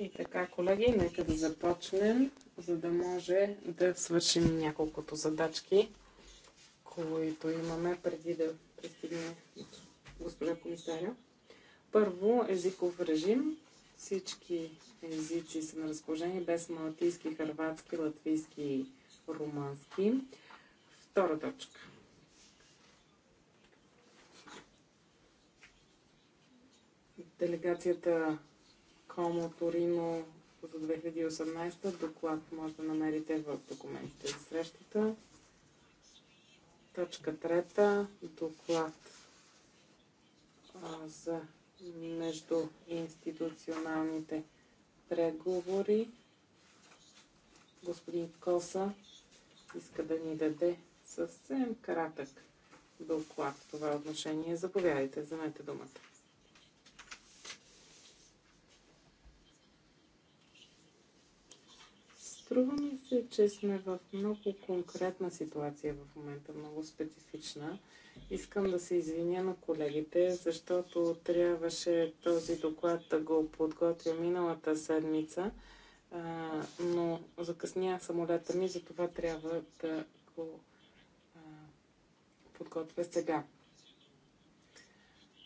И така, колеги, нека да започнем, за да може да свършим няколкото задачки, които имаме преди да пристигне госпожа комисаря. Първо, езиков режим. Всички езици са на разположение без малтийски, хърватски, латвийски и румански. Втора точка. Делегацията Комо Торино за 2018. Доклад може да намерите в документите за срещата. Точка трета. Доклад а, за междуинституционалните преговори. Господин Коса иска да ни даде съвсем кратък доклад в това отношение. Заповядайте, вземете думата. Струва ми се, че сме в много конкретна ситуация в момента, много специфична. Искам да се извиня на колегите, защото трябваше този доклад да го подготвя миналата седмица, а, но закъсня самолета ми, затова трябва да го а, подготвя сега.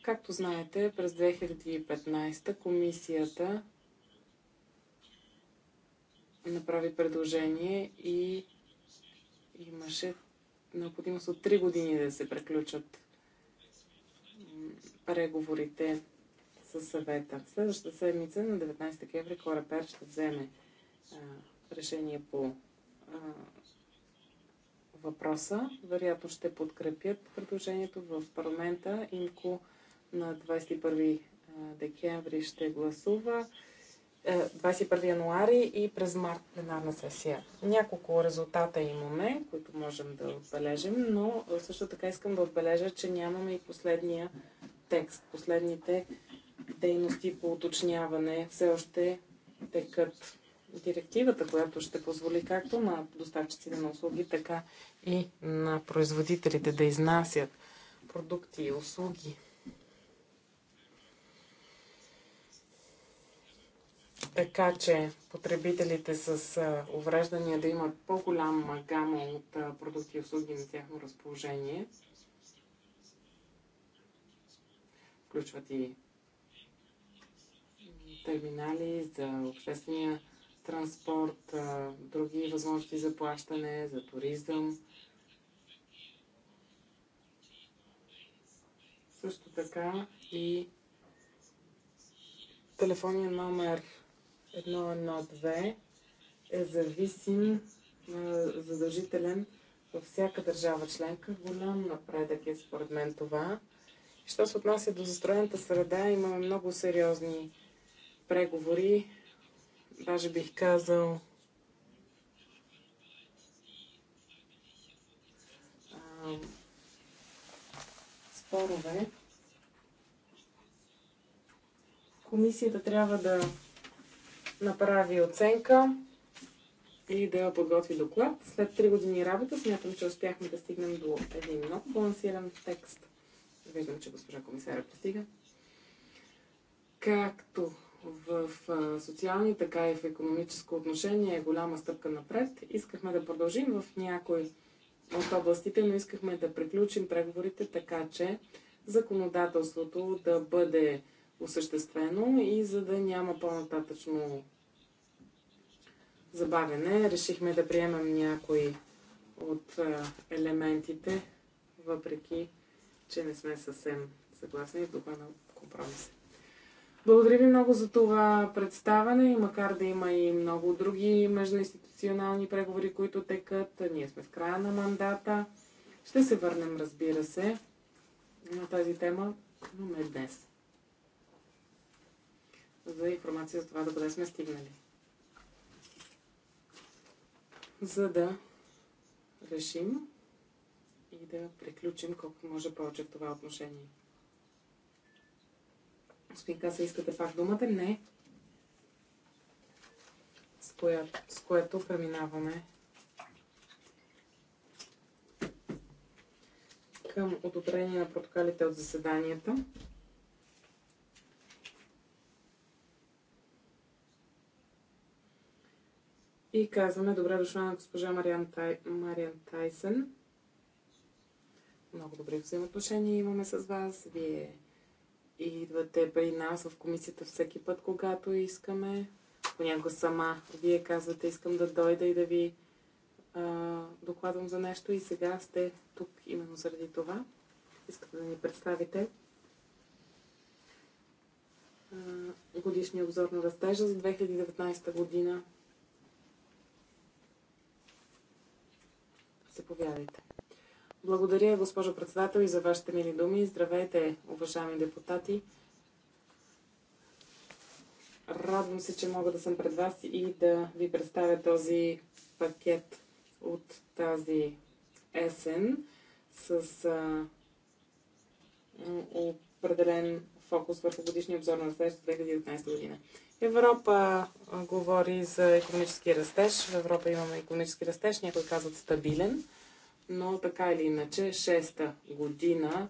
Както знаете, през 2015 комисията направи предложение и имаше необходимост от 3 години да се преключат преговорите със съвета. Следващата седмица на 19 декември Корапер ще вземе а, решение по а, въпроса. Вероятно ще подкрепят предложението в парламента. Имко на 21 декември ще гласува. 21 е, януари и през март пленарна сесия. Няколко резултата имаме, които можем да отбележим, но е, също така искам да отбележа, че нямаме и последния текст. Последните дейности по уточняване все още текат директивата, която ще позволи както на доставчиците на услуги, така и на производителите да изнасят продукти и услуги така че потребителите с увреждания да имат по-голяма гама от продукти и услуги на тяхно разположение. Включват и терминали за обществения транспорт, други възможности за плащане, за туризъм. Също така и телефонния номер 1.1.2 е зависим задължителен във всяка държава членка. Голям напредък е според мен това. Що се отнася до застроената среда, имаме много сериозни преговори. Даже бих казал спорове. Комисията трябва да направи оценка и да я подготви доклад. След 3 години работа смятам, че успяхме да стигнем до един много балансиран текст. Виждам, че госпожа комисаря пристига. Както в социални, така и в економическо отношение е голяма стъпка напред. Искахме да продължим в някои от областите, но искахме да приключим преговорите така, че законодателството да бъде осъществено и за да няма по-нататъчно забавяне решихме да приемем някои от елементите, въпреки че не сме съвсем съгласни и духа на компромиса. Благодаря ви много за това представане и макар да има и много други междуинституционални преговори, които текат, ние сме в края на мандата. Ще се върнем, разбира се, на тази тема, но не днес. За информация за това, да бъде сме стигнали за да решим и да приключим колкото може повече в това отношение. Господин Каса, искате пак думата? Не. С, коя, с което преминаваме към одобрение на протоколите от заседанията. И казваме добре дошла на госпожа Мариан, Тай... Мариан Тайсен. Много добри взаимоотношения имаме с вас. Вие идвате при нас в комисията всеки път, когато искаме. Понякога сама вие казвате, искам да дойда и да ви а, докладвам за нещо и сега сте тук именно заради това. Искате да ни представите а, годишния обзор на растежа за 2019 година. Заповядайте. Благодаря, госпожо председател, и за вашите мили думи. Здравейте, уважаеми депутати. Радвам се, че мога да съм пред вас и да ви представя този пакет от тази есен с а, определен фокус върху годишния обзор на следващата 2019 година. Европа говори за економически растеж. В Европа имаме економически растеж, някои казват стабилен, но така или иначе, шеста година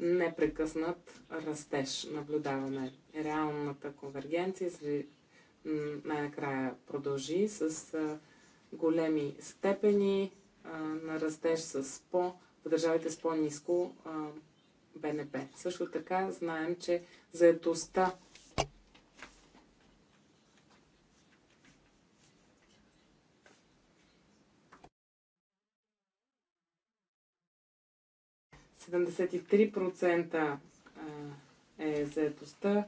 непрекъснат растеж наблюдаваме. Реалната конвергенция най-накрая продължи с големи степени на растеж с по, в държавите с по-низко БНП. Също така знаем, че заедостта 73% е заедостта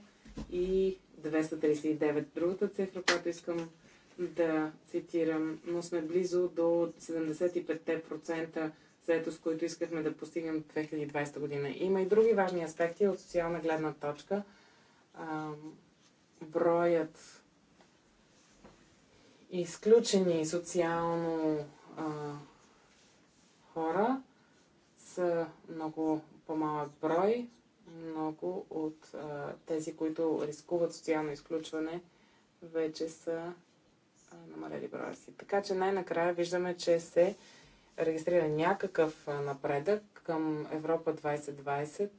и 239. Другата цифра, която искам да цитирам, но сме близо до 75% заедост, които искахме да постигнем в 2020 година. Има и други важни аспекти от социална гледна точка. Броят изключени социално хора са много по-малък брой. Много от а, тези, които рискуват социално изключване, вече са а, намалели броя си. Така че най-накрая виждаме, че се регистрира някакъв напредък към Европа 2020.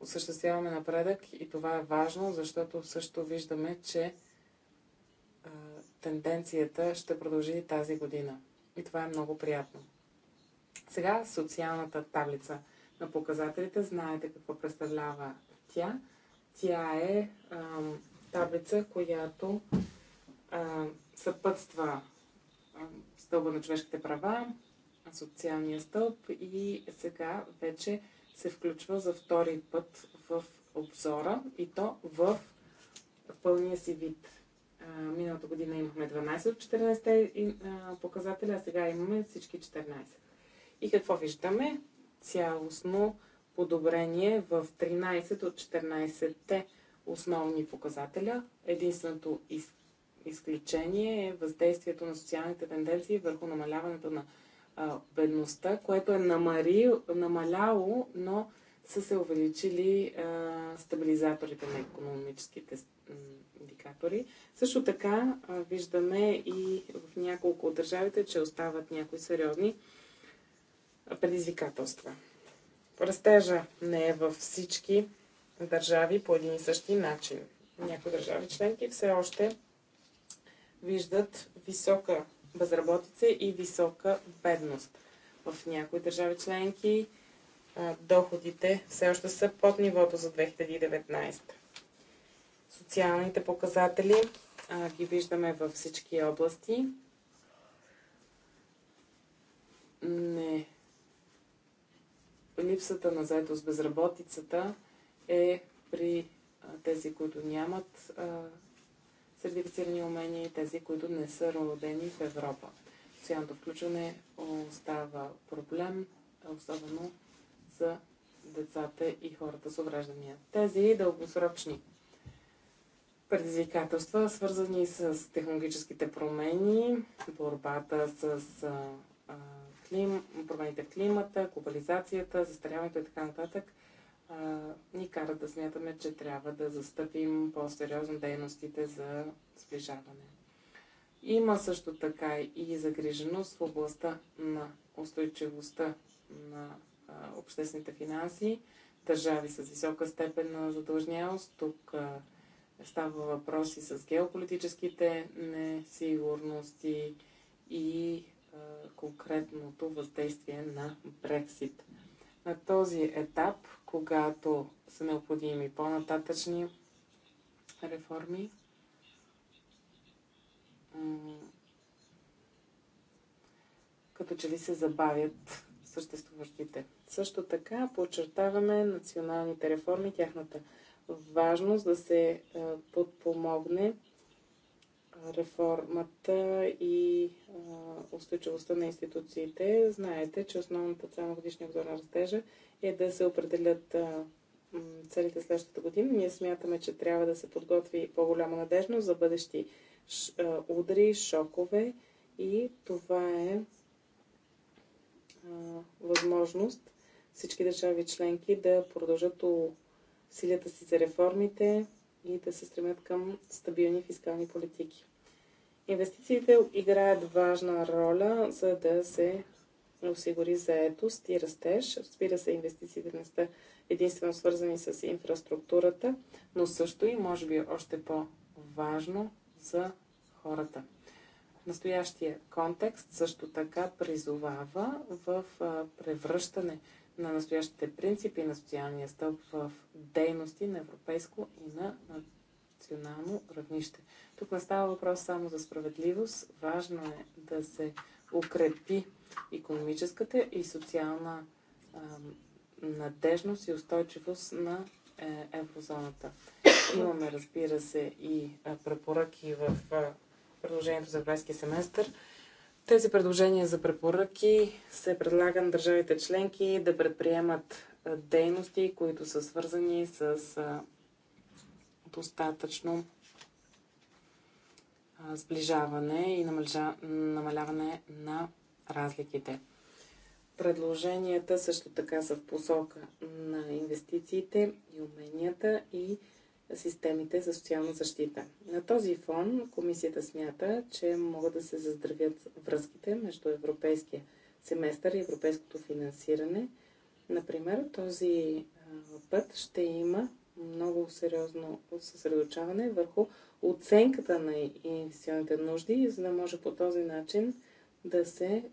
осъществяваме напредък и това е важно, защото също виждаме, че тенденцията ще продължи тази година. И това е много приятно. Сега социалната таблица на показателите. Знаете какво представлява тя. Тя е ам, таблица, която ам, съпътства стълба на човешките права, социалния стълб и сега вече се включва за втори път в обзора и то в пълния си вид миналата година имахме 12 от 14 показателя, а сега имаме всички 14. И какво виждаме? Цялостно подобрение в 13 от 14-те основни показателя. Единственото из, изключение е въздействието на социалните тенденции върху намаляването на а, бедността, което е намари, намаляло, но са се увеличили а, стабилизаторите на економическите индикатори. Също така виждаме и в няколко от държавите, че остават някои сериозни предизвикателства. Растежа не е във всички държави по един и същи начин. Някои държави членки все още виждат висока безработица и висока бедност. В някои държави членки доходите все още са под нивото за 2019. Социалните показатели а, ги виждаме във всички области. Не. Липсата на заетост, безработицата е при а, тези, които нямат а, сертифицирани умения и тези, които не са родени в Европа. Социалното включване остава проблем, особено за децата и хората с увреждания. Тези дългосрочни предизвикателства, свързани с технологическите промени, борбата с а, клим, промените в климата, глобализацията, застаряването и така нататък, а, ни карат да смятаме, че трябва да застъпим по-сериозно дейностите за сближаване. Има също така и загриженост в областта на устойчивостта на а, обществените финанси, държави с висока степен на задлъжнялост. Тук а, Става въпроси с геополитическите несигурности и конкретното въздействие на Брексит. На този етап, когато са необходими по-нататъчни реформи, като че ли се забавят съществуващите. Също така подчертаваме националните реформи, тяхната важност да се подпомогне реформата и устойчивостта на институциите. Знаете, че основната цел на годишния обзор на растежа е да се определят целите следващата година. Ние смятаме, че трябва да се подготви по-голяма надежност за бъдещи удари, шокове и това е възможност всички държави членки да продължат усилията си за реформите и да се стремят към стабилни фискални политики. Инвестициите играят важна роля, за да се осигури заетост и растеж. Разбира се, инвестициите не са единствено свързани с инфраструктурата, но също и, може би, е още по-важно за хората. Настоящия контекст също така призовава в превръщане на настоящите принципи на социалния стълб в дейности на европейско и на национално равнище. Тук не става въпрос само за справедливост. Важно е да се укрепи економическата и социална е, надежност и устойчивост на е, еврозоната. Имаме, разбира се, и препоръки в е, предложението за европейския семестър тези предложения за препоръки се предлага на държавите членки да предприемат дейности, които са свързани с достатъчно сближаване и намаляване на разликите. Предложенията също така са в посока на инвестициите и уменията и системите за социална защита. На този фон комисията смята, че могат да се заздравят връзките между европейския семестър и европейското финансиране. Например, този път ще има много сериозно съсредоточаване върху оценката на инвестиционните нужди, за да може по този начин да се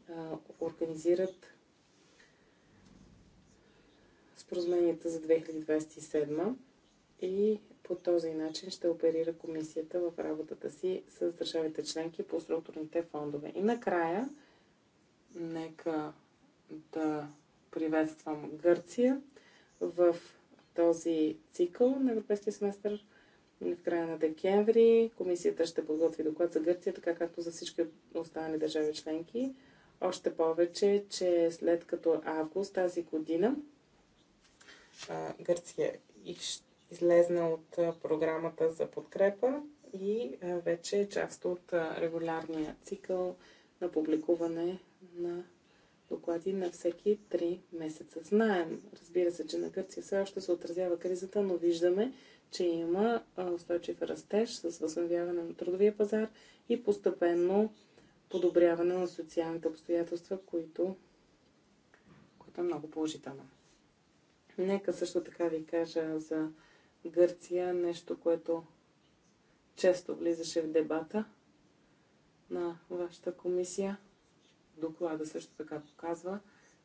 организират споразуменията за 2027 и по този начин ще оперира комисията в работата си с държавите членки по структурните фондове. И накрая, нека да приветствам Гърция в този цикъл на Европейския семестър в края на декември. Комисията ще подготви доклад за Гърция, така както за всички останали държави членки. Още повече, че след като август тази година Гърция и ще излезна от програмата за подкрепа и вече е част от регулярния цикъл на публикуване на доклади на всеки 3 месеца. Знаем, разбира се, че на Гърция все още се отразява кризата, но виждаме, че има устойчив растеж с възновяване на трудовия пазар и постепенно подобряване на социалните обстоятелства, които, които е много положително. Нека също така ви кажа за Гърция, нещо, което често влизаше в дебата на вашата комисия. Доклада също така показва,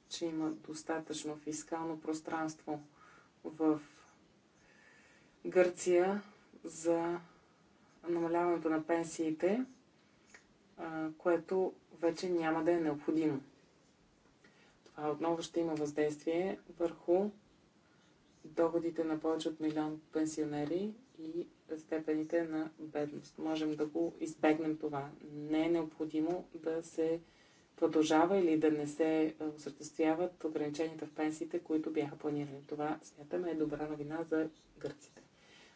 че има достатъчно фискално пространство в Гърция за намаляването на пенсиите, което вече няма да е необходимо. Това отново ще има въздействие върху доходите на повече от милион пенсионери и степените на бедност. Можем да го избегнем това. Не е необходимо да се продължава или да не се осъществяват ограниченията в пенсиите, които бяха планирани. Това смятаме е добра новина за гърците.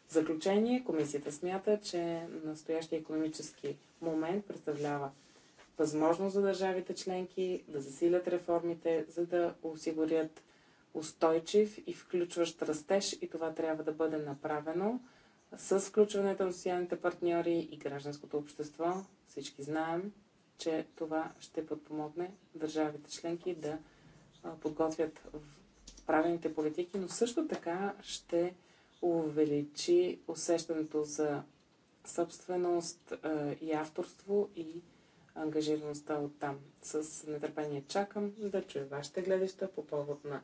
В заключение, комисията смята, че настоящия економически момент представлява възможност за държавите членки да засилят реформите, за да осигурят устойчив и включващ растеж и това трябва да бъде направено с включването на социалните партньори и гражданското общество. Всички знаем, че това ще подпомогне държавите членки да подготвят правилните политики, но също така ще увеличи усещането за собственост и авторство и ангажираността от там. С нетърпение чакам да чуя вашите гледаща по повод на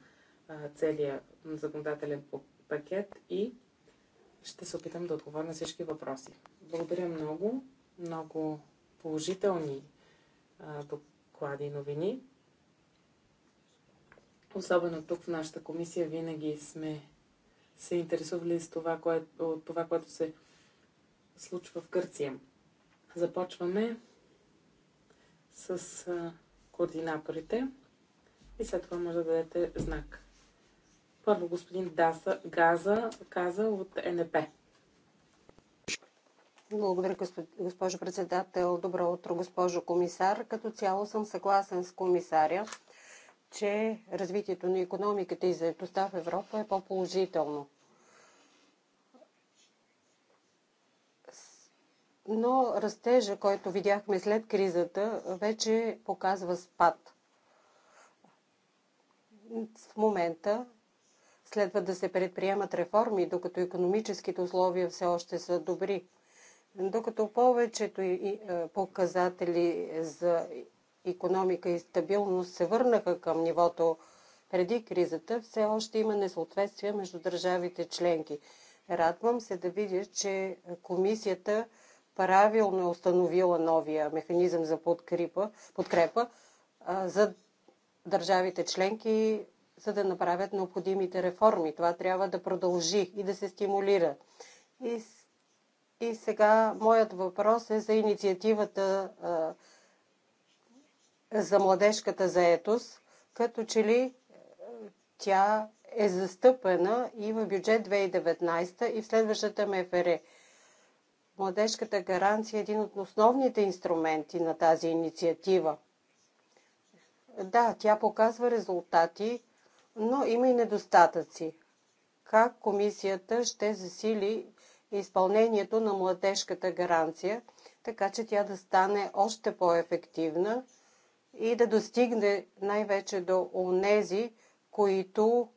целия законодателен пакет и ще се опитам да отговоря на всички въпроси. Благодаря много. Много положителни доклади и новини. Особено тук в нашата комисия винаги сме се интересували с това, което, от това, което се случва в Гърция. Започваме с координаторите и след това може да дадете знак. Първо господин Даса, Газа каза от НП. Благодаря, госпожо председател. Добро утро, госпожо комисар. Като цяло съм съгласен с комисаря, че развитието на економиката и заедостта в Европа е по-положително. Но растежа, който видяхме след кризата, вече показва спад. В момента Следва да се предприемат реформи, докато економическите условия все още са добри. Докато повечето е, показатели за економика и стабилност се върнаха към нивото преди кризата, все още има несъответствие между държавите членки. Радвам се да видя, че комисията правилно е установила новия механизъм за подкрепа, подкрепа за държавите членки за да направят необходимите реформи. Това трябва да продължи и да се стимулира. И, и сега моят въпрос е за инициативата а, за младежката заетост, като че ли тя е застъпена и в бюджет 2019 и в следващата МФР. Младежката гаранция е един от основните инструменти на тази инициатива. Да, тя показва резултати, но има и недостатъци. Как комисията ще засили изпълнението на младежката гаранция, така че тя да стане още по-ефективна и да достигне най-вече до онези, които,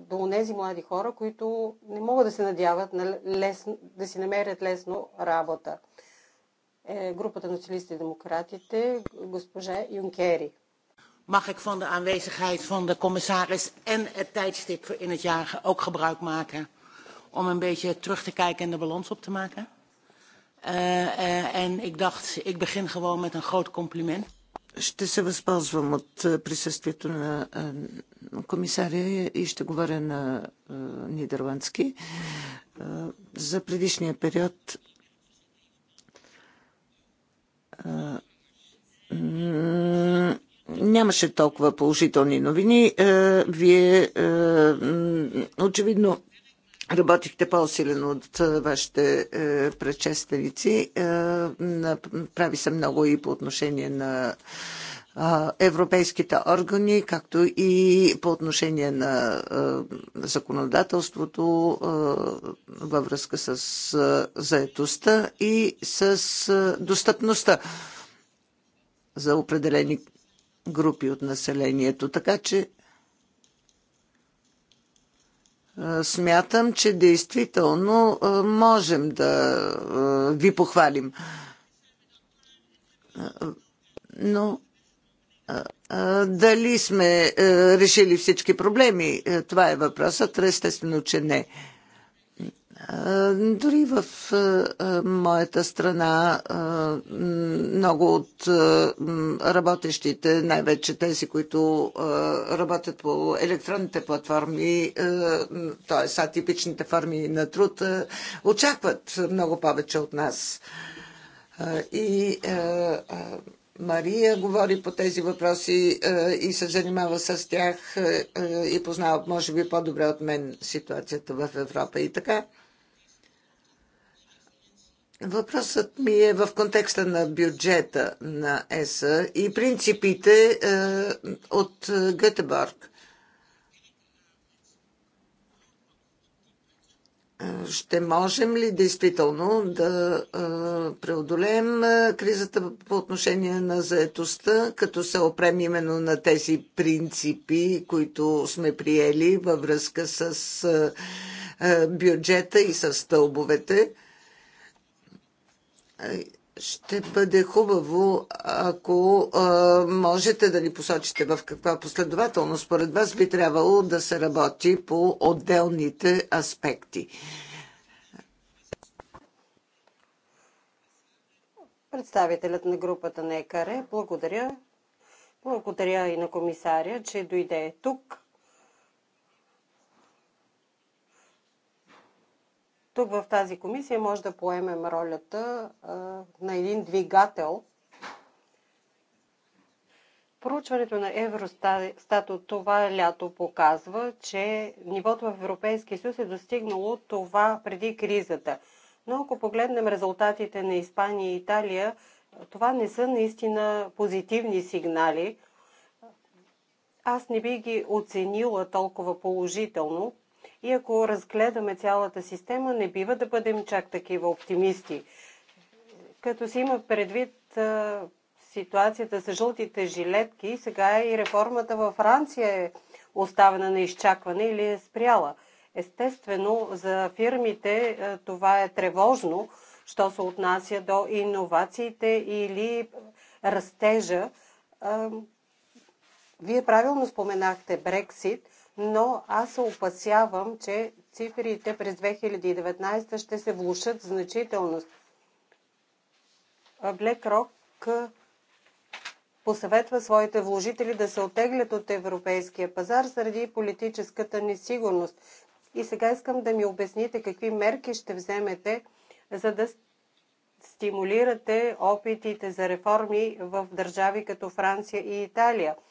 до онези млади хора, които не могат да се надяват на лесно, да си намерят лесно работа. Е, групата на социалистите и демократите, госпожа Юнкери mag ik van de aanwezigheid van de commissaris en het tijdstip in het jaar ook gebruik maken om een beetje terug te kijken en de balans op te maken. Uh, uh, en ik dacht, ik begin gewoon met een groot compliment. Ще се възползвам от присъствието на комисаря и ще говоря на нидерландски. За предишния период нямаше толкова положителни новини. Е, вие е, очевидно работихте по-силено от е, вашите предшественици. Прави се много и по отношение на европейските органи, както и по отношение на законодателството във връзка с заетостта и с достъпността за определени групи от населението. Така че смятам, че действително можем да ви похвалим. Но дали сме решили всички проблеми, това е въпросът. Естествено, че не. Е, дори в е, е, моята страна много от работещите, най-вече тези, които работят по електронните платформи, т.е. атипичните форми на труд, очакват много повече от нас. И Мария говори по тези въпроси и се занимава с тях и познава, може би, по-добре от мен ситуацията в Европа. И така, Въпросът ми е в контекста на бюджета на ЕСА и принципите е, от Гетеборг. Е, ще можем ли действително да е, преодолеем е, кризата по отношение на заетостта, като се опрем именно на тези принципи, които сме приели във връзка с е, е бюджета и с стълбовете? ще бъде хубаво, ако а, можете да ни посочите в каква последователност според вас би трябвало да се работи по отделните аспекти. Представителят на групата на благодаря. Благодаря и на комисаря, че дойде тук тук в тази комисия може да поемем ролята а, на един двигател. Проучването на Евростат от това лято показва, че нивото в Европейския съюз е достигнало това преди кризата. Но ако погледнем резултатите на Испания и Италия, това не са наистина позитивни сигнали. Аз не би ги оценила толкова положително, и ако разгледаме цялата система, не бива да бъдем чак такива оптимисти. Като си има предвид ситуацията с жълтите жилетки, сега и реформата във Франция е оставена на изчакване или е спряла. Естествено, за фирмите това е тревожно, що се отнася до иновациите или растежа. Вие правилно споменахте Брексит, но аз се опасявам, че цифрите през 2019 ще се влушат значително. BlackRock посъветва своите вложители да се отеглят от европейския пазар заради политическата несигурност. И сега искам да ми обясните какви мерки ще вземете, за да стимулирате опитите за реформи в държави като Франция и Италия –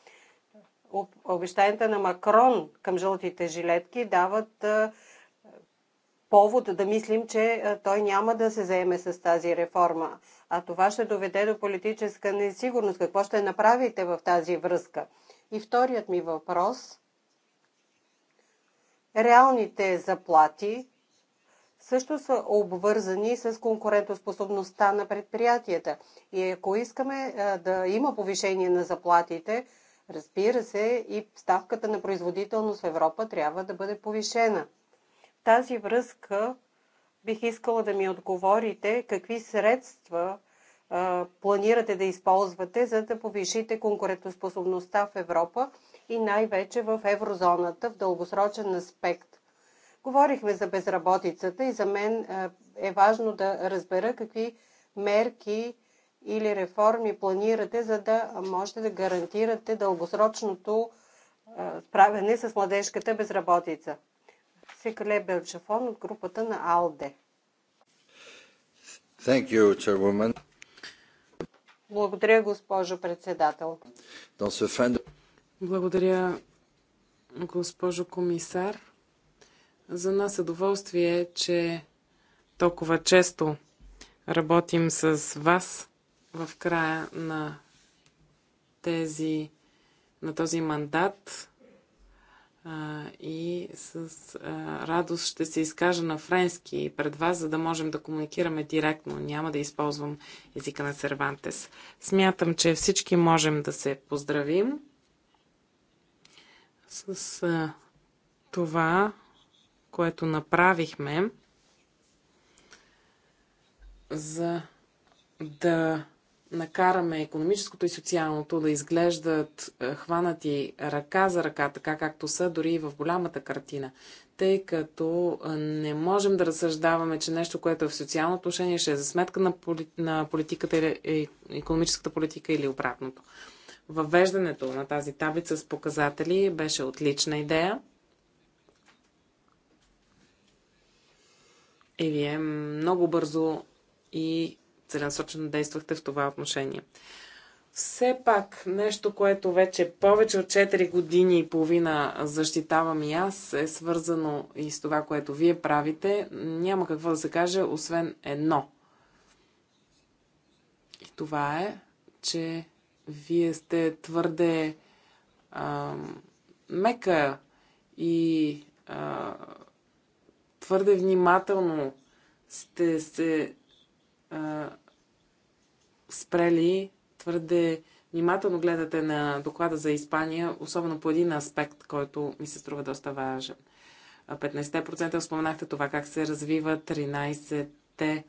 обещанията на Макрон към жълтите жилетки дават повод да мислим, че той няма да се заеме с тази реформа. А това ще доведе до политическа несигурност. Какво ще направите в тази връзка? И вторият ми въпрос. Реалните заплати също са обвързани с конкурентоспособността на предприятията. И ако искаме да има повишение на заплатите, Разбира се, и ставката на производителност в Европа трябва да бъде повишена. В тази връзка бих искала да ми отговорите какви средства а, планирате да използвате, за да повишите конкурентоспособността в Европа и най-вече в еврозоната в дългосрочен аспект. Говорихме за безработицата и за мен е важно да разбера какви мерки или реформи планирате, за да можете да гарантирате дългосрочното справяне с младежката безработица? Секле Белчафон от групата на АЛДЕ. Thank you, chairwoman. Благодаря, госпожо председател. Благодаря, госпожо комисар. За нас удоволствие е, че толкова често работим с вас в края на тези, на този мандат а, и с а, радост ще се изкажа на френски пред вас, за да можем да комуникираме директно. Няма да използвам езика на Сервантес. Смятам, че всички можем да се поздравим с а, това, което направихме за да накараме економическото и социалното да изглеждат е, хванати ръка за ръка, така както са дори и в голямата картина. Тъй като е, не можем да разсъждаваме, че нещо, което е в социално отношение, ще е за сметка на, поли... на политиката или е, економическата политика или обратното. Въвеждането на тази таблица с показатели беше отлична идея. И вие много бързо и целенасочено действахте в това отношение. Все пак, нещо, което вече повече от 4 години и половина защитавам и аз, е свързано и с това, което вие правите. Няма какво да се каже, освен едно. И това е, че вие сте твърде а, мека и а, твърде внимателно сте се а, спрели твърде внимателно гледате на доклада за Испания, особено по един аспект, който ми се струва доста важен. 15% споменахте това как се развива 13-те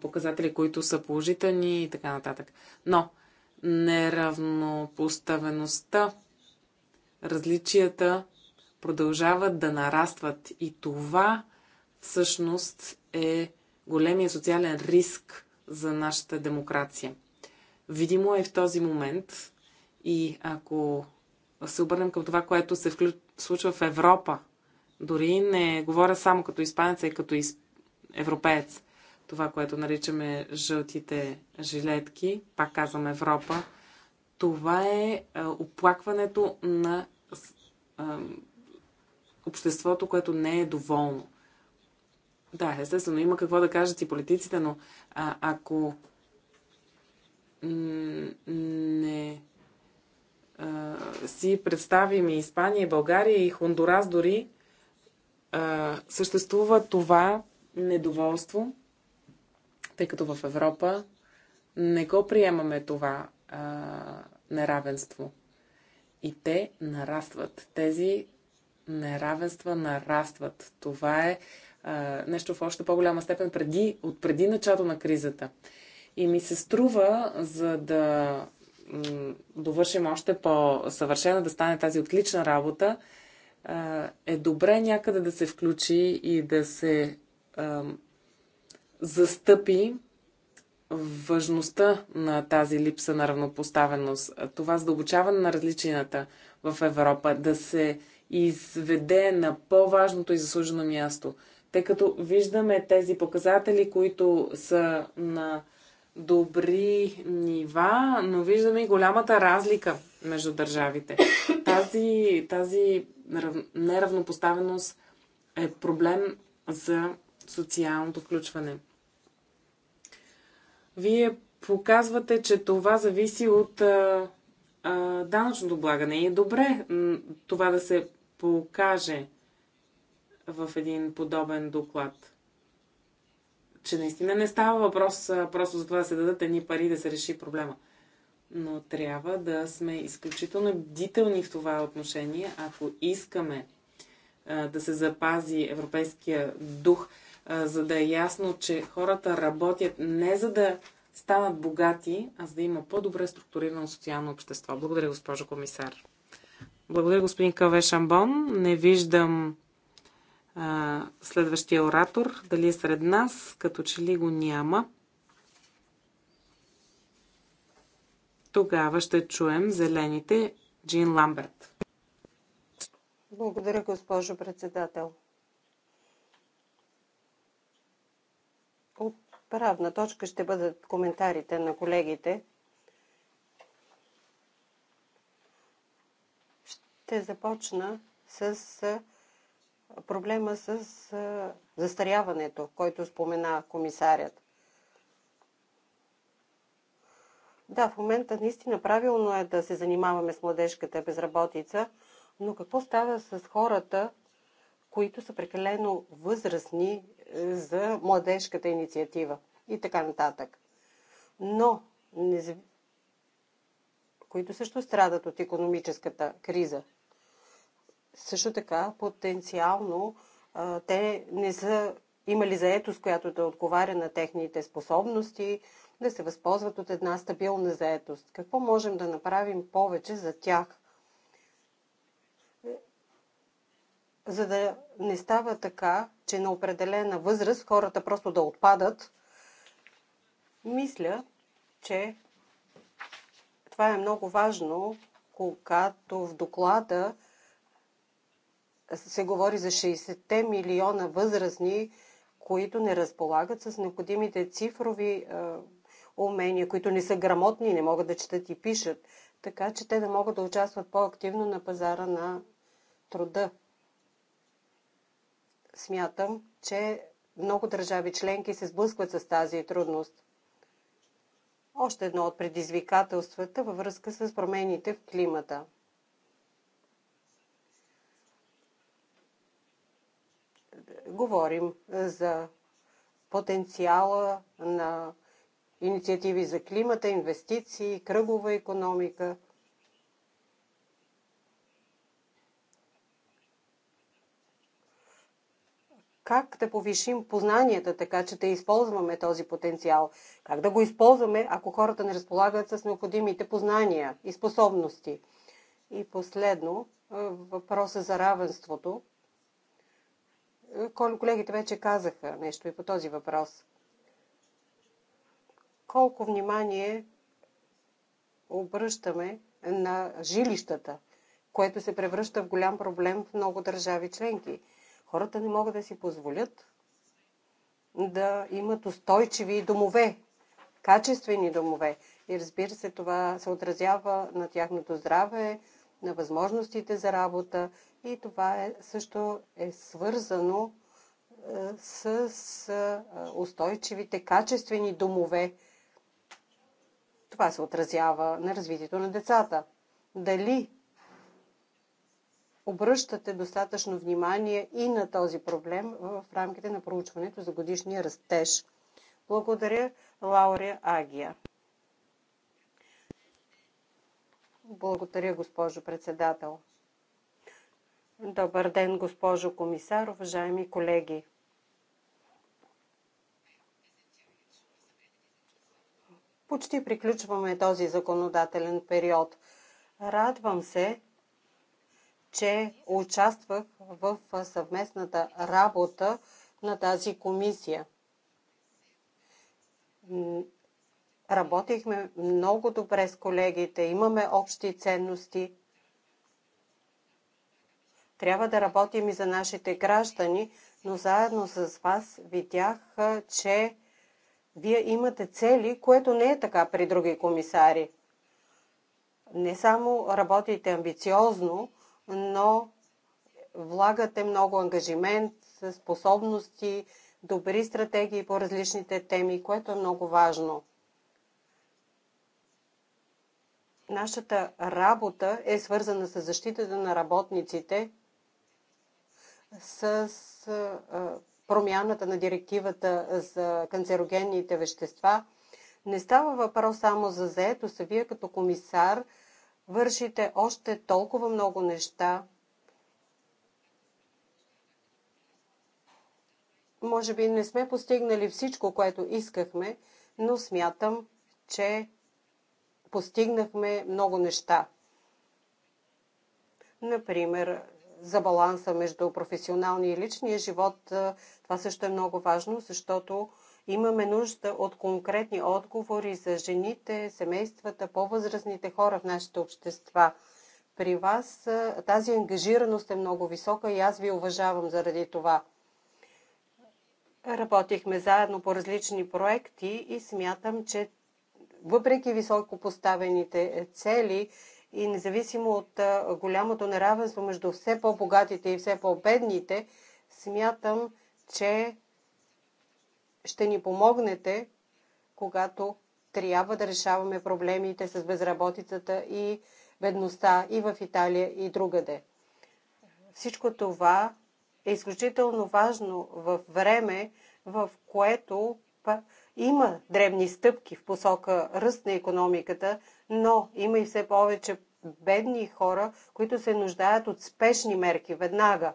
показатели, които са положителни и така нататък. Но неравнопоставеността, различията продължават да нарастват и това всъщност е големия социален риск, за нашата демокрация. Видимо е в този момент и ако се обърнем към това, което се вклю... случва в Европа, дори не говоря само като испанец, а и като из... европеец, това, което наричаме жълтите жилетки, пак казвам Европа, това е оплакването на обществото, което не е доволно. Да, естествено, има какво да кажат и политиците, но а, ако не а, си представим и Испания, и България, и Хондурас дори, а, съществува това недоволство, тъй като в Европа не го приемаме това а, неравенство. И те нарастват. Тези неравенства нарастват. Това е нещо в още по-голяма степен преди, от преди началото на кризата. И ми се струва, за да довършим още по-съвършена, да стане тази отлична работа, а, е добре някъде да се включи и да се а, застъпи важността на тази липса на равнопоставеност, това задълбочаване на различията в Европа, да се изведе на по-важното и заслужено място. Тъй като виждаме тези показатели, които са на добри нива, но виждаме и голямата разлика между държавите. Тази, тази неравнопоставеност е проблем за социалното включване. Вие показвате, че това зависи от данъчното облагане. И е добре това да се покаже в един подобен доклад. Че наистина не става въпрос просто за това да се дадат едни пари да се реши проблема. Но трябва да сме изключително бдителни в това отношение, ако искаме а, да се запази европейския дух, а, за да е ясно, че хората работят не за да станат богати, а за да има по-добре структурирано социално общество. Благодаря, госпожо комисар. Благодаря, господин Каве Шамбон. Не виждам следващия оратор. Дали е сред нас? Като че ли го няма. Тогава ще чуем зелените Джин Ламберт. Благодаря, госпожо председател. От правна точка ще бъдат коментарите на колегите. Ще започна с проблема с застаряването, който спомена комисарят. Да, в момента наистина правилно е да се занимаваме с младежката безработица, но какво става с хората, които са прекалено възрастни е, за младежката инициатива и така нататък. Но, които също страдат от економическата криза – също така, потенциално, те не са имали заетост, която да отговаря на техните способности, да се възползват от една стабилна заетост. Какво можем да направим повече за тях? За да не става така, че на определена възраст хората просто да отпадат, мисля, че това е много важно, когато в доклада се говори за 60 милиона възрастни, които не разполагат с необходимите цифрови е, умения, които не са грамотни, не могат да четат и пишат, така че те да могат да участват по-активно на пазара на труда. Смятам, че много държави членки се сблъскват с тази трудност. Още едно от предизвикателствата във връзка с промените в климата – говорим е, за потенциала на инициативи за климата, инвестиции, кръгова економика. Как да повишим познанията, така че да използваме този потенциал? Как да го използваме, ако хората не разполагат с необходимите познания и способности? И последно, е, въпроса за равенството – Колегите вече казаха нещо и по този въпрос. Колко внимание обръщаме на жилищата, което се превръща в голям проблем в много държави членки. Хората не могат да си позволят да имат устойчиви домове, качествени домове. И разбира се, това се отразява на тяхното здраве, на възможностите за работа и това е, също е свързано е, с е, устойчивите, качествени домове. Това се отразява на развитието на децата. Дали обръщате достатъчно внимание и на този проблем в рамките на проучването за годишния растеж? Благодаря, Лаурия Агия. Благодаря, госпожо председател. Добър ден, госпожо комисар, уважаеми колеги. Почти приключваме този законодателен период. Радвам се, че участвах в съвместната работа на тази комисия. Работихме много добре с колегите, имаме общи ценности. Трябва да работим и за нашите граждани, но заедно с вас видях, че вие имате цели, което не е така при други комисари. Не само работите амбициозно, но влагате много ангажимент, способности, добри стратегии по различните теми, което е много важно. Нашата работа е свързана с защитата на работниците, с промяната на директивата за канцерогенните вещества. Не става въпрос само за заетост. Вие като комисар вършите още толкова много неща. Може би не сме постигнали всичко, което искахме, но смятам, че постигнахме много неща. Например, за баланса между професионалния и личния живот. Това също е много важно, защото имаме нужда от конкретни отговори за жените, семействата, по-възрастните хора в нашите общества. При вас тази ангажираност е много висока и аз ви уважавам заради това. Работихме заедно по различни проекти и смятам, че въпреки високо поставените цели и независимо от голямото неравенство между все по-богатите и все по-бедните, смятам, че ще ни помогнете, когато трябва да решаваме проблемите с безработицата и бедността и в Италия и другаде. Всичко това е изключително важно в време, в което има дребни стъпки в посока ръст на економиката, но има и все повече бедни хора, които се нуждаят от спешни мерки веднага.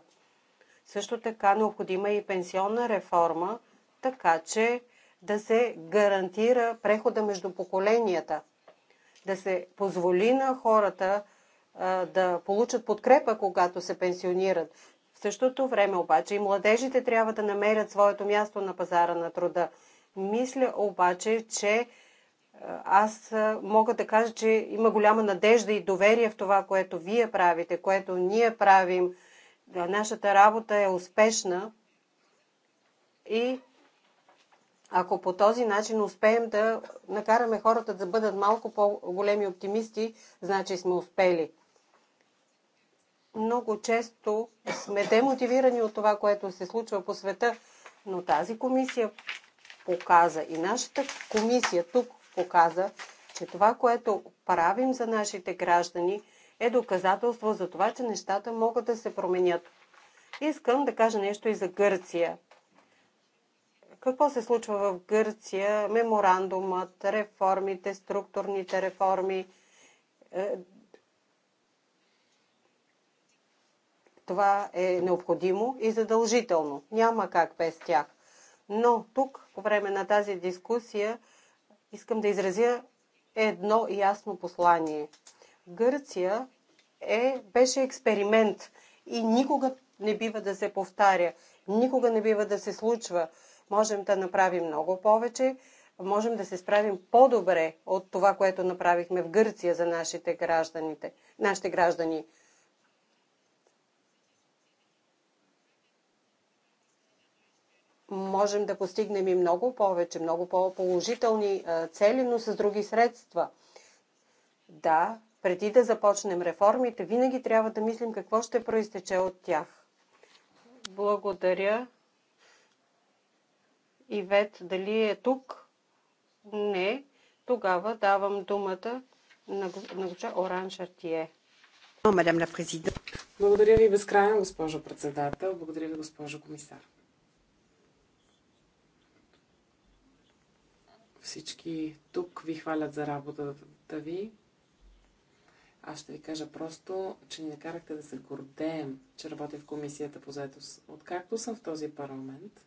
Също така необходима е и пенсионна реформа, така че да се гарантира прехода между поколенията, да се позволи на хората а, да получат подкрепа, когато се пенсионират. В същото време обаче и младежите трябва да намерят своето място на пазара на труда. Мисля обаче, че е, аз е, мога да кажа, че има голяма надежда и доверие в това, което вие правите, което ние правим. Нашата работа е успешна и ако по този начин успеем да накараме хората да бъдат малко по-големи оптимисти, значи сме успели. Много често сме демотивирани от това, което се случва по света, но тази комисия показа и нашата комисия тук показа, че това, което правим за нашите граждани, е доказателство за това, че нещата могат да се променят. Искам да кажа нещо и за Гърция. Какво се случва в Гърция? Меморандумът, реформите, структурните реформи. Е, това е необходимо и задължително. Няма как без тях. Но тук, по време на тази дискусия, искам да изразя едно ясно послание. Гърция е, беше експеримент и никога не бива да се повтаря, никога не бива да се случва. Можем да направим много повече, можем да се справим по-добре от това, което направихме в Гърция за нашите, гражданите, нашите граждани. можем да постигнем и много повече, много по-положителни цели, но с други средства. Да, преди да започнем реформите, винаги трябва да мислим какво ще проистече от тях. Благодаря. Ивет, дали е тук? Не. Тогава давам думата на, на госпожа Оран Шартие. Благодаря ви безкрайно, госпожо председател. Благодаря ви, госпожо комисар. Всички тук ви хвалят за работата ви. Аз ще ви кажа просто, че ни накарахте да се гордеем, че работя в Комисията по заетост. Откакто съм в този парламент,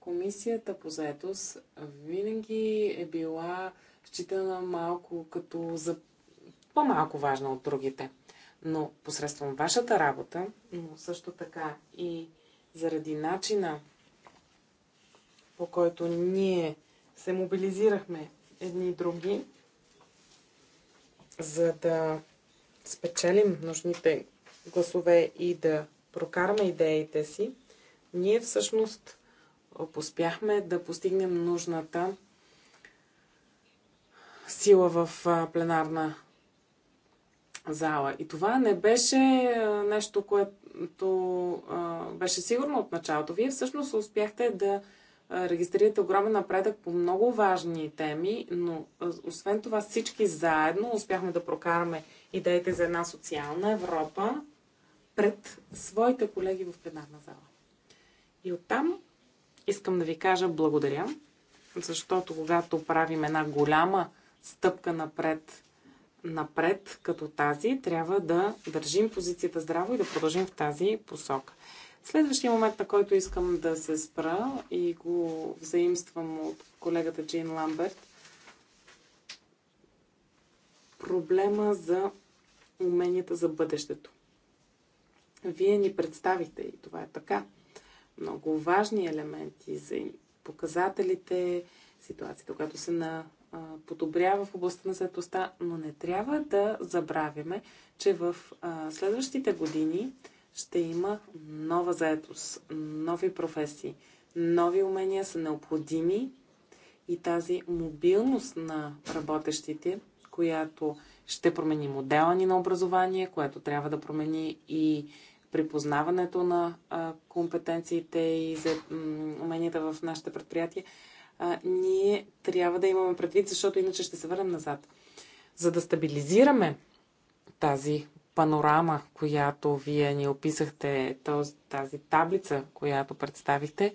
Комисията по заетост винаги е била считана малко като за по-малко важна от другите. Но посредством вашата работа, но също така и заради начина по който ние се мобилизирахме едни и други, за да спечелим нужните гласове и да прокараме идеите си, ние всъщност поспяхме да постигнем нужната сила в пленарна зала. И това не беше нещо, което беше сигурно от началото. Вие всъщност успяхте да регистрирате огромен напредък по много важни теми, но освен това всички заедно успяхме да прокараме идеите за една социална Европа пред своите колеги в пленарна зала. И оттам искам да ви кажа благодаря, защото когато правим една голяма стъпка напред, напред като тази, трябва да държим позицията здраво и да продължим в тази посока. Следващия момент, на който искам да се спра и го заимствам от колегата Джин Ламберт, проблема за уменията за бъдещето. Вие ни представите, и това е така, много важни елементи за показателите, ситуацията, която се на, подобрява в областта на заедостта, но не трябва да забравяме, че в следващите години ще има нова заетост, нови професии, нови умения са необходими и тази мобилност на работещите, която ще промени модела ни на образование, което трябва да промени и припознаването на компетенциите и за уменията в нашите предприятия, ние трябва да имаме предвид, защото иначе ще се върнем назад. За да стабилизираме тази панорама, която вие ни описахте, тази таблица, която представихте,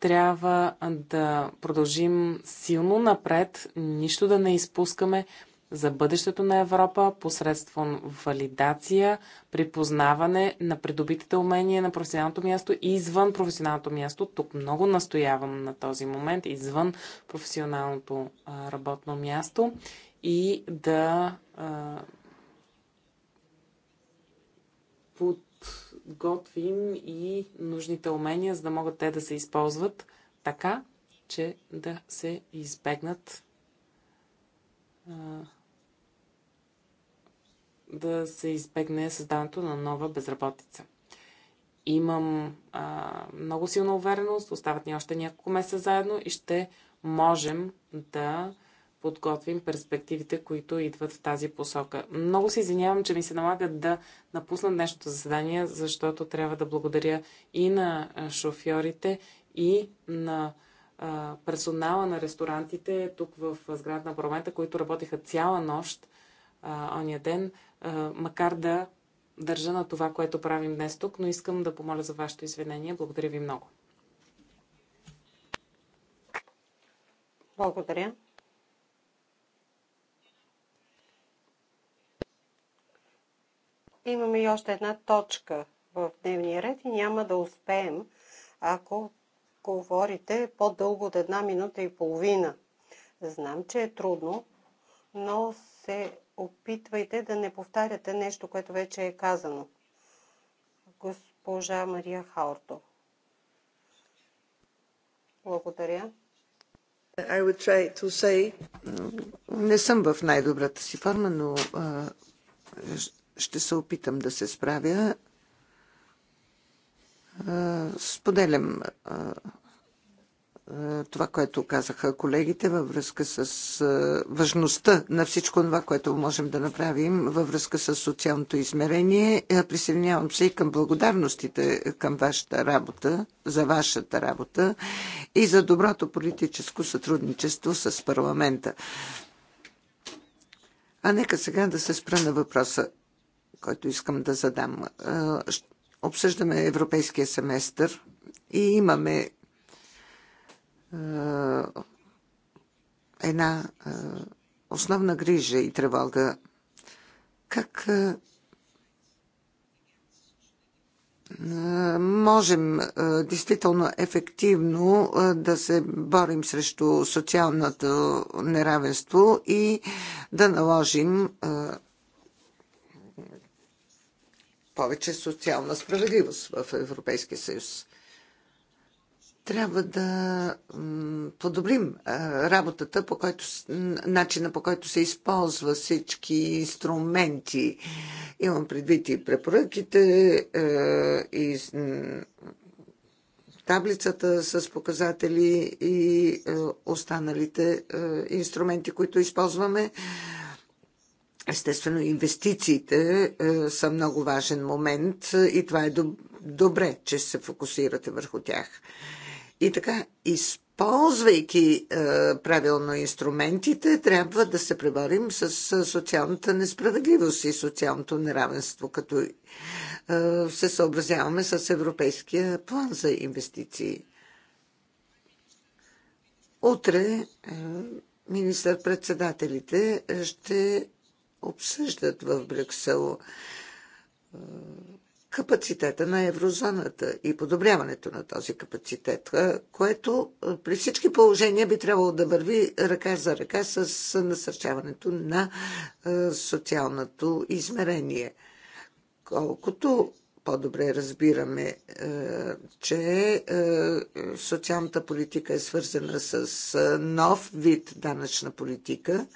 трябва да продължим силно напред, нищо да не изпускаме за бъдещето на Европа посредством валидация, припознаване на придобитите умения на професионалното място и извън професионалното място. Тук много настоявам на този момент, извън професионалното работно място и да подготвим и нужните умения, за да могат те да се използват така, че да се избегнат да се избегне създаването на нова безработица. Имам а, много силна увереност, остават ни още няколко месеца заедно и ще можем да подготвим перспективите, които идват в тази посока. Много се извинявам, че ми се налага да напусна днешното заседание, защото трябва да благодаря и на шофьорите, и на персонала на ресторантите тук в сград на парламента, които работиха цяла нощ ония ден, макар да държа на това, което правим днес тук, но искам да помоля за вашето извинение. Благодаря ви много. Благодаря. Имаме и още една точка в дневния ред и няма да успеем, ако говорите по-дълго от една минута и половина. Знам, че е трудно, но се опитвайте да не повтаряте нещо, което вече е казано. Госпожа Мария Хаорто. Благодаря. I would try to say... Не съм в най-добрата си форма, но ще се опитам да се справя. Споделям това, което казаха колегите във връзка с важността на всичко това, което можем да направим във връзка с социалното измерение. Е, присъединявам се и към благодарностите към вашата работа, за вашата работа и за доброто политическо сътрудничество с парламента. А нека сега да се спра на въпроса който искам да задам. Е, обсъждаме европейския семестър и имаме е, една е, основна грижа и тревога. Как можем действително ефективно да се борим срещу социалното неравенство и да наложим повече социална справедливост в Европейския съюз. Трябва да подобрим работата, по който, начина по който се използва всички инструменти. Имам предвид и препоръките, и таблицата с показатели и останалите инструменти, които използваме. Естествено, инвестициите е, са много важен момент и това е добре, че се фокусирате върху тях. И така, използвайки е, правилно инструментите, трябва да се преборим с социалната несправедливост и социалното неравенство, като е, се съобразяваме с Европейския план за инвестиции. Утре министър-председателите ще обсъждат в Брюксел капацитета на еврозоната и подобряването на този капацитет, което при всички положения би трябвало да върви ръка за ръка с насърчаването на социалното измерение. Колкото по-добре разбираме, че социалната политика е свързана с нов вид данъчна политика,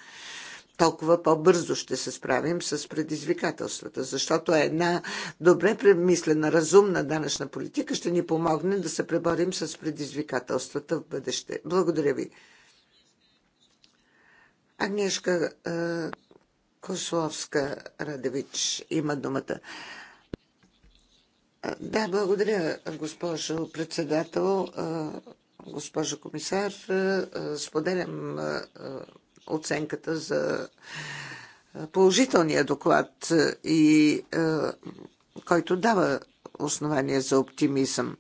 толкова по-бързо ще се справим с предизвикателствата, защото една добре премислена, разумна данъчна политика ще ни помогне да се преборим с предизвикателствата в бъдеще. Благодаря ви. Агнешка Кословска Радевич има думата. Да, благодаря, госпожо председател, госпожо комисар. Споделям оценката за положителния доклад и който дава основание за оптимизъм.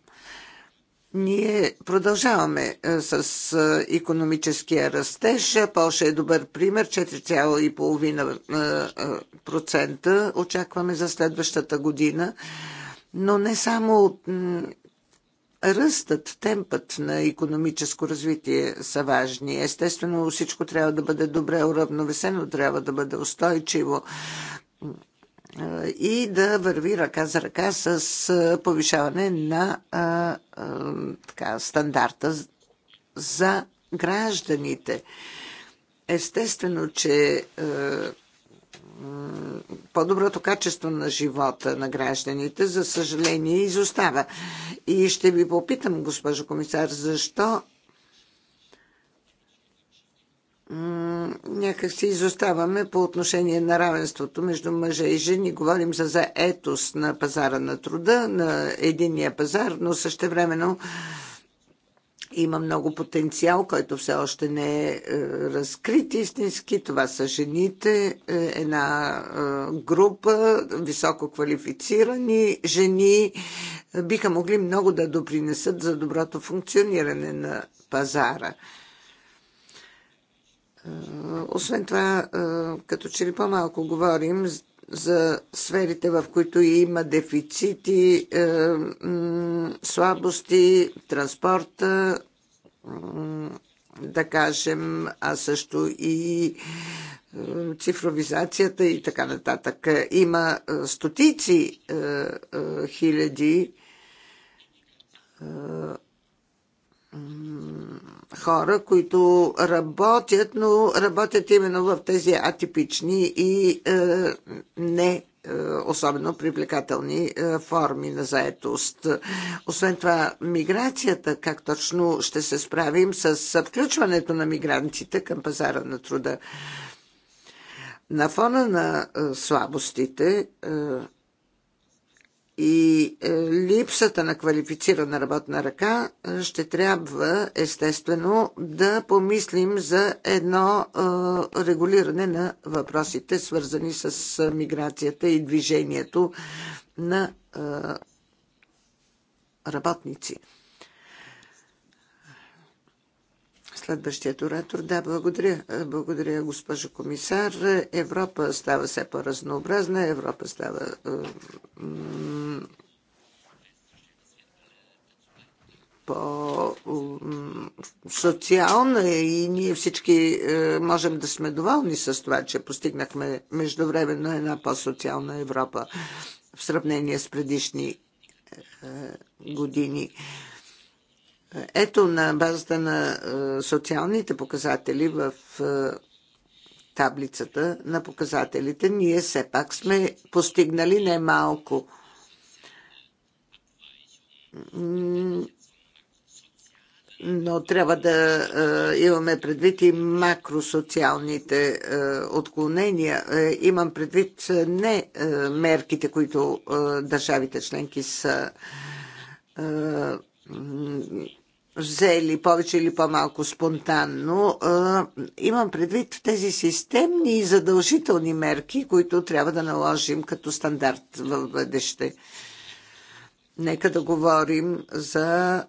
Ние продължаваме с економическия растеж. Польша е добър пример. 4,5% очакваме за следващата година. Но не само ръстът, темпът на економическо развитие са важни. Естествено, всичко трябва да бъде добре уравновесено, трябва да бъде устойчиво и да върви ръка за ръка с повишаване на а, а, така, стандарта за гражданите. Естествено, че а, по-доброто качество на живота на гражданите, за съжаление, изостава. И ще ви попитам, госпожо комисар, защо някак се изоставаме по отношение на равенството между мъже и жени. Говорим за заетост на пазара на труда, на единия пазар, но също времено има много потенциал, който все още не е, е разкрит истински. Това са жените, е, една е, група високо квалифицирани жени биха могли много да допринесат за доброто функциониране на пазара. Освен това, като че ли по-малко говорим за сферите, в които има дефицити, е, слабости, транспорта, да кажем, а също и е, цифровизацията и така нататък. Има е, стотици хиляди хора, които работят, но работят именно в тези атипични и е, не е, особено привлекателни е, форми на заетост. Освен това, миграцията, как точно ще се справим с включването на мигрантите към пазара на труда. На фона на е, слабостите и е, липсата на квалифицирана работна ръка е, ще трябва, естествено, да помислим за едно е, регулиране на въпросите, свързани с миграцията и движението на работници. Следващият оратор. Да, благодаря. Благодаря, госпожо комисар. Европа става все по-разнообразна. Европа става е, по-социална и ние всички е, можем да сме доволни с това, че постигнахме междувременно една по-социална Европа в сравнение с предишни е, години. Ето на базата на е, социалните показатели в е, таблицата на показателите, ние все пак сме постигнали немалко. Но трябва да е, имаме предвид и макросоциалните отклонения. имам предвид не мерките, които държавите членки са взели повече или по-малко спонтанно. Имам предвид тези системни и задължителни мерки, които трябва да наложим като стандарт в бъдеще. Нека да говорим за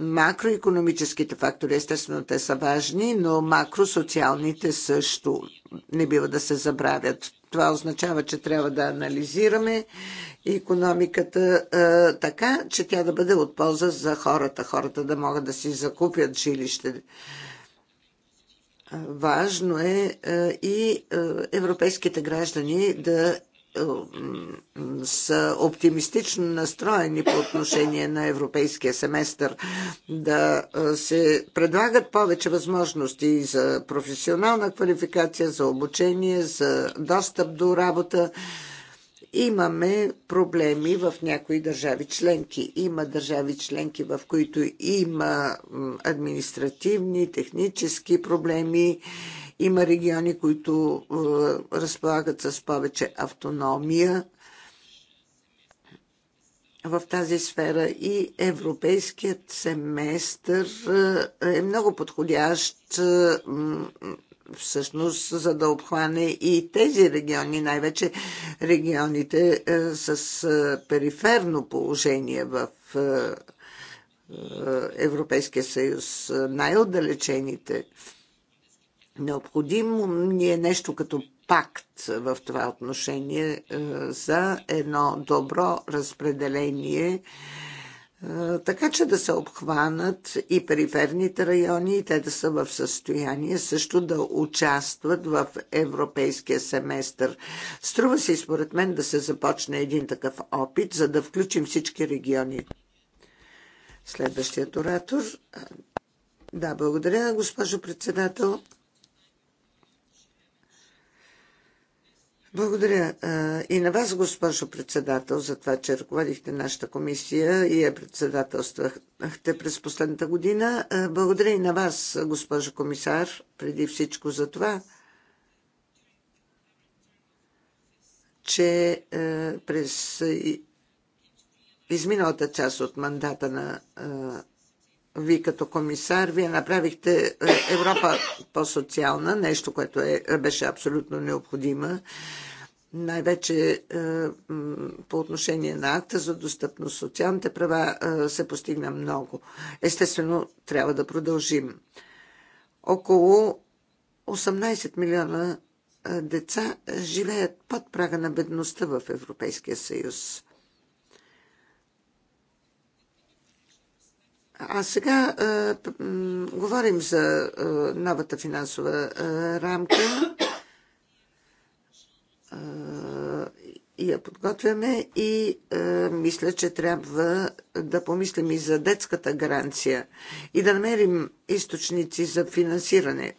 макроекономическите фактори. Естествено, те са важни, но макросоциалните също не бива да се забравят. Това означава, че трябва да анализираме економиката а, така, че тя да бъде от полза за хората, хората да могат да си закупят жилище. Важно е а, и а, европейските граждани да са оптимистично настроени по отношение на европейския семестър, да се предлагат повече възможности за професионална квалификация, за обучение, за достъп до работа. Имаме проблеми в някои държави членки. Има държави членки, в които има административни, технически проблеми. Има региони, които е, разполагат с повече автономия в тази сфера и европейският семестър е, е много подходящ всъщност, за да обхване и тези региони, най-вече регионите е, с е, периферно положение в е, Европейския съюз, най-отдалечените. Необходимо ни е нещо като пакт в това отношение за едно добро разпределение така че да се обхванат и периферните райони и те да са в състояние също да участват в европейския семестър. Струва се и според мен да се започне един такъв опит, за да включим всички региони. Следващият оратор. Да, благодаря, госпожо председател. Благодаря и на вас, госпожо председател, за това, че ръководихте нашата комисия и я председателствахте през последната година. Благодаря и на вас, госпожо комисар, преди всичко за това, че през изминалата част от мандата на ви като комисар, вие направихте е, Европа по-социална, нещо, което е, е беше абсолютно необходимо. Най-вече е, по отношение на акта за достъпност социалните права се постигна много. Естествено, трябва да продължим. Около 18 милиона деца живеят под прага на бедността в Европейския съюз. А сега а, говорим за а, новата финансова а, рамка. А, и я подготвяме и а, мисля, че трябва да помислим и за детската гаранция и да намерим източници за финансиране.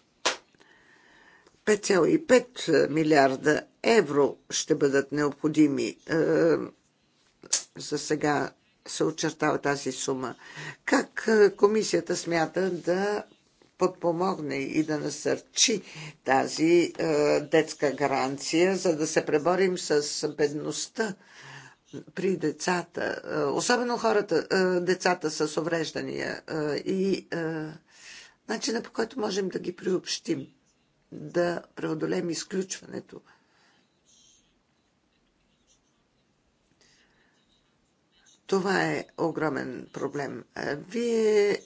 5,5 милиарда евро ще бъдат необходими. А, за сега се очертава тази сума. Как е, комисията смята да подпомогне и да насърчи тази е, детска гаранция, за да се преборим с бедността при децата, е, особено хората, е, децата с увреждания е, и е, начина по който можем да ги приобщим, да преодолеем изключването. Това е огромен проблем. Вие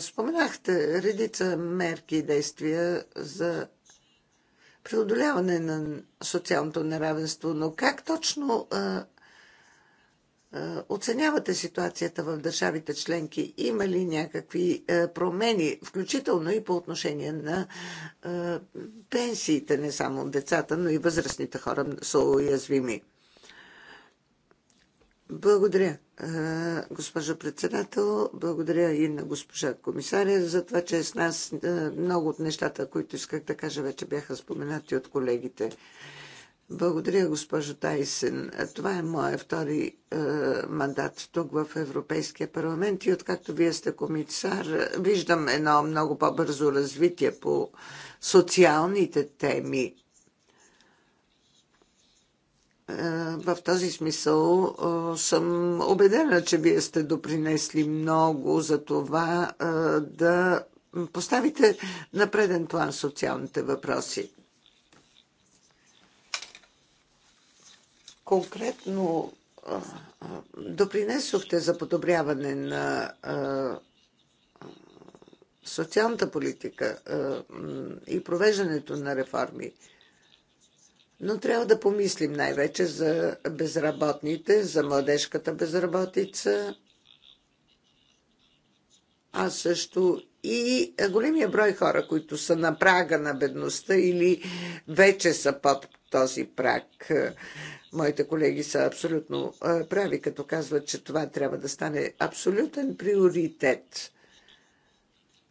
споменахте редица мерки и действия за преодоляване на социалното неравенство, но как точно оценявате ситуацията в държавите членки? Има ли някакви промени, включително и по отношение на пенсиите, не само децата, но и възрастните хора са уязвими? Благодаря, госпожа председател. Благодаря и на госпожа комисаря за това, че е с нас много от нещата, които исках да кажа, вече бяха споменати от колегите. Благодаря, госпожо Тайсен. Това е моят втори мандат тук в Европейския парламент и откакто вие сте комисар, виждам едно много по-бързо развитие по социалните теми е, в този смисъл е, съм убедена, че вие сте допринесли много за това е, да поставите на преден план социалните въпроси. Конкретно допринесохте за подобряване на социалната политика и провеждането на реформи. Но трябва да помислим най-вече за безработните, за младежката безработица, а също и големия брой хора, които са на прага на бедността или вече са под този праг. Моите колеги са абсолютно прави, като казват, че това трябва да стане абсолютен приоритет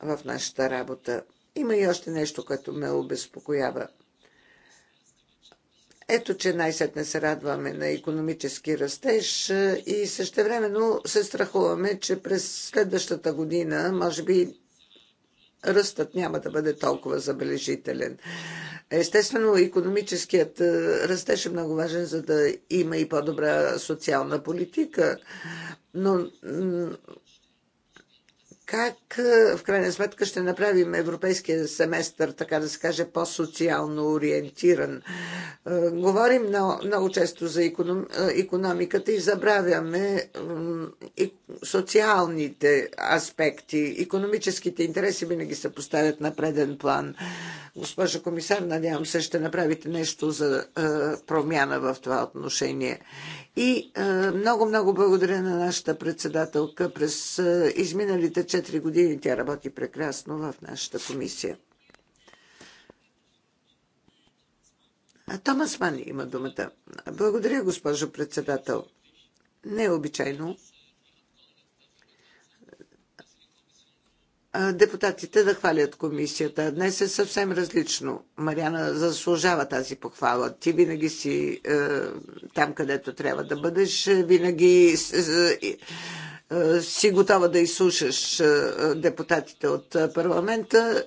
в нашата работа. Има и още нещо, което ме обезпокоява – ето, че най-сетне се радваме на економически растеж е, и същевременно се страхуваме, че през следващата година, може би, ръстът няма да бъде толкова забележителен. Естествено, економическият е, растеж е много важен, за да има и по-добра социална политика, но как е, в крайна сметка ще направим европейския семестър, така да се каже, по-социално ориентиран. Е, говорим много, често за економиката и забравяме и социалните аспекти. Економическите интереси винаги се поставят на преден план. Госпожа комисар, надявам се, ще направите нещо за е, промяна в това отношение. И много-много благодаря на нашата председателка. През изминалите 4 години тя работи прекрасно в нашата комисия. А Томас Мани има думата. Благодаря, госпожо председател. Необичайно депутатите да хвалят комисията. Днес е съвсем различно. Мариана заслужава тази похвала. Ти винаги си е, там, където трябва да бъдеш. Винаги е, е, си готова да изслушаш депутатите от парламента.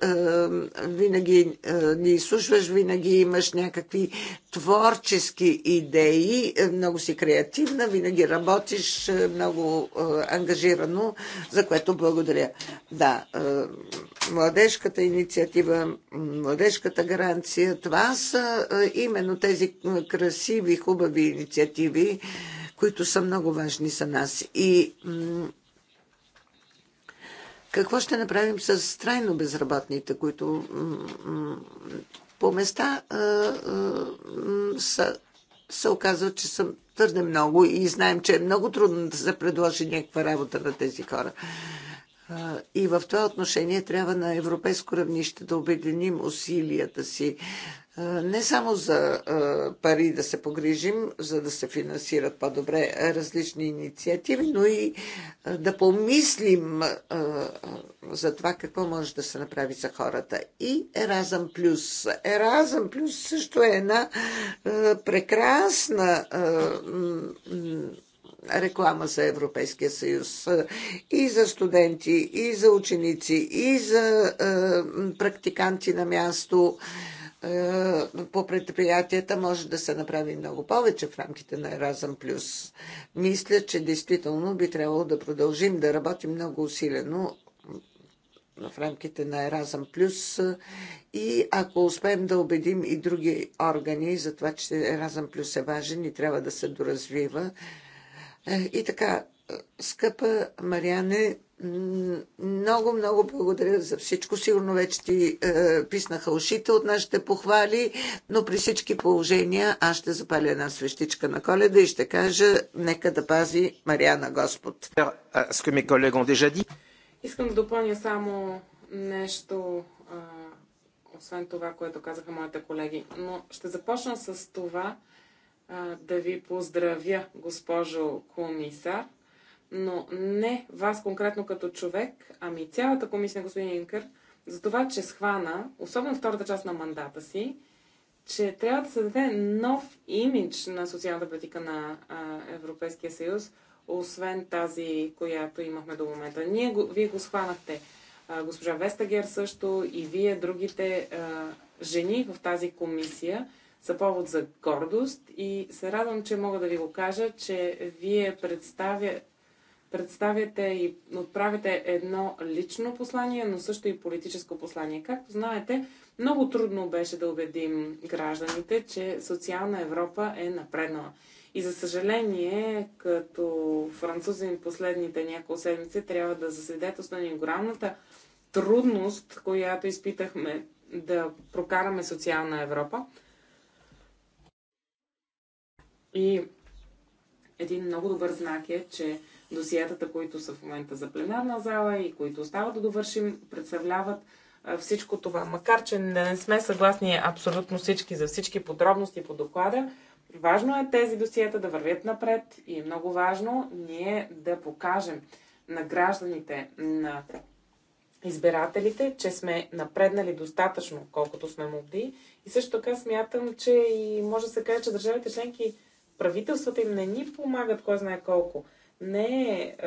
Винаги ни изслушваш, винаги имаш някакви творчески идеи, много си креативна, винаги работиш много ангажирано, за което благодаря. Да, младежката инициатива, младежката гаранция, това са именно тези красиви, хубави инициативи, които са много важни за нас. И какво ще направим с трайно безработните, които по места са, се оказва, че са твърде много и знаем, че е много трудно да се предложи някаква работа на тези хора. И в това отношение трябва на европейско равнище да обединим усилията си. Не само за пари да се погрижим, за да се финансират по-добре различни инициативи, но и да помислим за това какво може да се направи за хората. И Еразъм Плюс. Еразъм Плюс също е една прекрасна реклама за Европейския съюз и за студенти, и за ученици, и за практиканти на място по предприятията може да се направи много повече в рамките на Еразъм Плюс. Мисля, че действително би трябвало да продължим да работим много усилено в рамките на Еразъм Плюс и ако успеем да убедим и други органи за това, че Еразъм Плюс е важен и трябва да се доразвива, е, и така, скъпа Мариане, много, много благодаря за всичко. Сигурно вече ти е, писнаха ушите от нашите похвали, но при всички положения аз ще запаля една свещичка на коледа и ще кажа, нека да пази Мариана Господ. Искам да допълня само нещо, освен това, което казаха моите колеги, но ще започна с това, да ви поздравя, госпожо комисар, но не вас конкретно като човек, ами цялата комисия, господин Инкър, за това, че схвана, особено втората част на мандата си, че трябва да се даде нов имидж на социалната политика на а, Европейския съюз, освен тази, която имахме до момента. Ние го, вие го схванахте. А, госпожа Вестагер също и вие, другите а, жени в тази комисия са повод за гордост и се радвам, че мога да ви го кажа, че вие представя, представяте и отправяте едно лично послание, но също и политическо послание. Както знаете, много трудно беше да убедим гражданите, че социална Европа е напреднала. И за съжаление, като французин последните няколко седмици, трябва да засвидетелстваме огромната трудност, която изпитахме да прокараме социална Европа. И един много добър знак е, че досиетата, които са в момента за пленарна зала и които остават да довършим, представляват всичко това. Макар, че не сме съгласни абсолютно всички за всички подробности по доклада, важно е тези досиета да вървят напред и е много важно ние да покажем на гражданите, на избирателите, че сме напреднали достатъчно, колкото сме могли. И също така смятам, че и може да се каже, че държавите членки правителствата им не ни помагат кой знае колко. Не е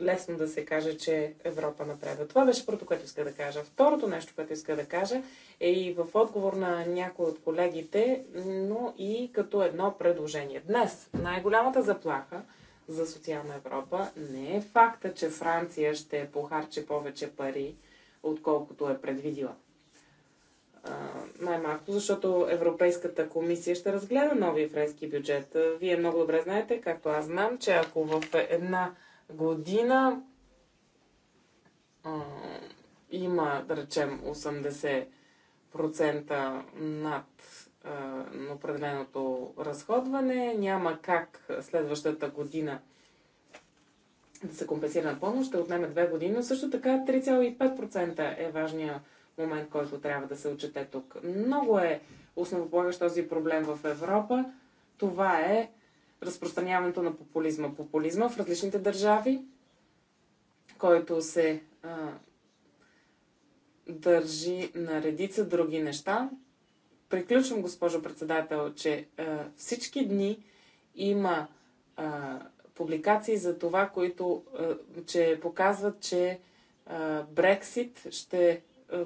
лесно да се каже, че Европа напредва. Това беше първото, което иска да кажа. Второто нещо, което иска да кажа е и в отговор на някои от колегите, но и като едно предложение. Днес най-голямата заплаха за социална Европа не е факта, че Франция ще похарчи повече пари, отколкото е предвидила най-малкото, защото Европейската комисия ще разгледа новия френски бюджет. Вие много добре знаете, както аз знам, че ако в една година а, има, да речем, 80% над а, определеното разходване, няма как следващата година да се компенсира напълно, ще отнеме две години, но също така 3,5% е важния момент, който трябва да се отчете тук. Много е основополагащ този проблем в Европа. Това е разпространяването на популизма. Популизма в различните държави, който се а, държи на редица други неща. Приключвам, госпожо председател, че а, всички дни има а, публикации за това, които а, че показват, че Брексит ще е,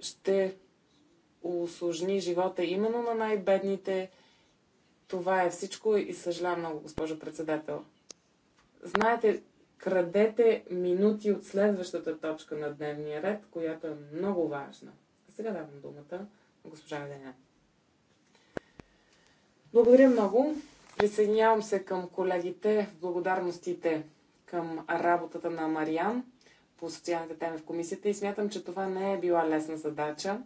ще усложни живота именно на най-бедните. Това е всичко и съжалявам много, госпожо председател. Знаете, крадете минути от следващата точка на дневния ред, която е много важна. сега давам думата на госпожа Деня. Благодаря много. Присъединявам се към колегите в благодарностите към работата на Мариан по социалните теми в комисията и смятам, че това не е била лесна задача.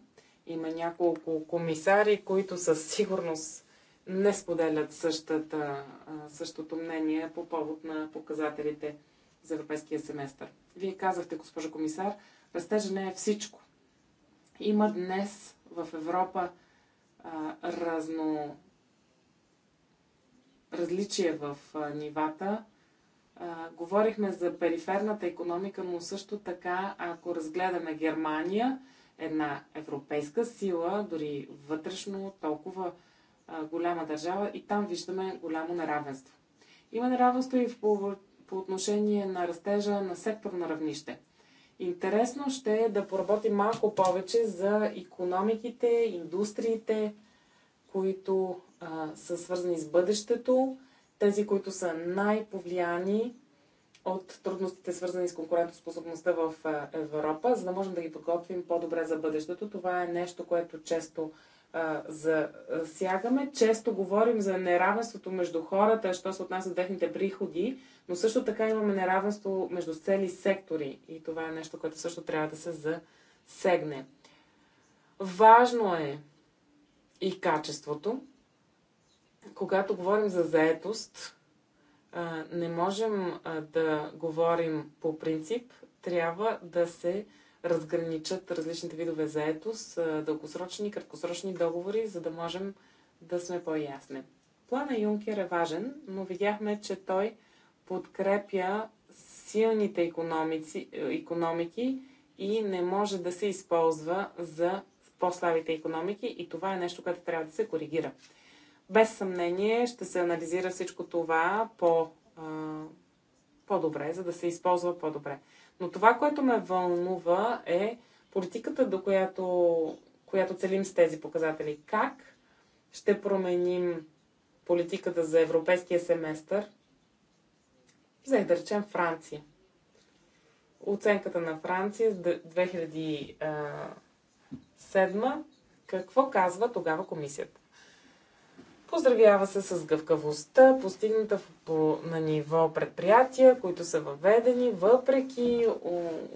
Има няколко комисари, които със сигурност не споделят същата, същото мнение по повод на показателите за европейския семестър. Вие казахте, госпожо комисар, растежа не е всичко. Има днес в Европа а, разно различие в а, нивата говорихме за периферната економика, но също така, ако разгледаме Германия, една европейска сила, дори вътрешно толкова а, голяма държава, и там виждаме голямо неравенство. Има неравенство и в, по, по отношение на растежа на секторно равнище. Интересно ще е да поработим малко повече за економиките, индустриите, които а, са свързани с бъдещето тези, които са най-повлияни от трудностите, свързани с конкурентоспособността в Европа, за да можем да ги подготвим по-добре за бъдещето. Това е нещо, което често а, засягаме. Често говорим за неравенството между хората, що се отнася до техните приходи, но също така имаме неравенство между цели сектори и това е нещо, което също трябва да се засегне. Важно е и качеството, когато говорим за заетост, не можем да говорим по принцип, трябва да се разграничат различните видове заетост, дългосрочни и краткосрочни договори, за да можем да сме по-ясни. Плана Юнкер е важен, но видяхме, че той подкрепя силните економици, економики и не може да се използва за по-слабите економики и това е нещо, което трябва да се коригира. Без съмнение ще се анализира всичко това по, по-добре, за да се използва по-добре. Но това, което ме вълнува е политиката, до която, която целим с тези показатели. Как ще променим политиката за европейския семестър, за да речем Франция. Оценката на Франция 2007. Какво казва тогава комисията? Поздравява се с гъвкавостта, постигната на ниво предприятия, които са въведени въпреки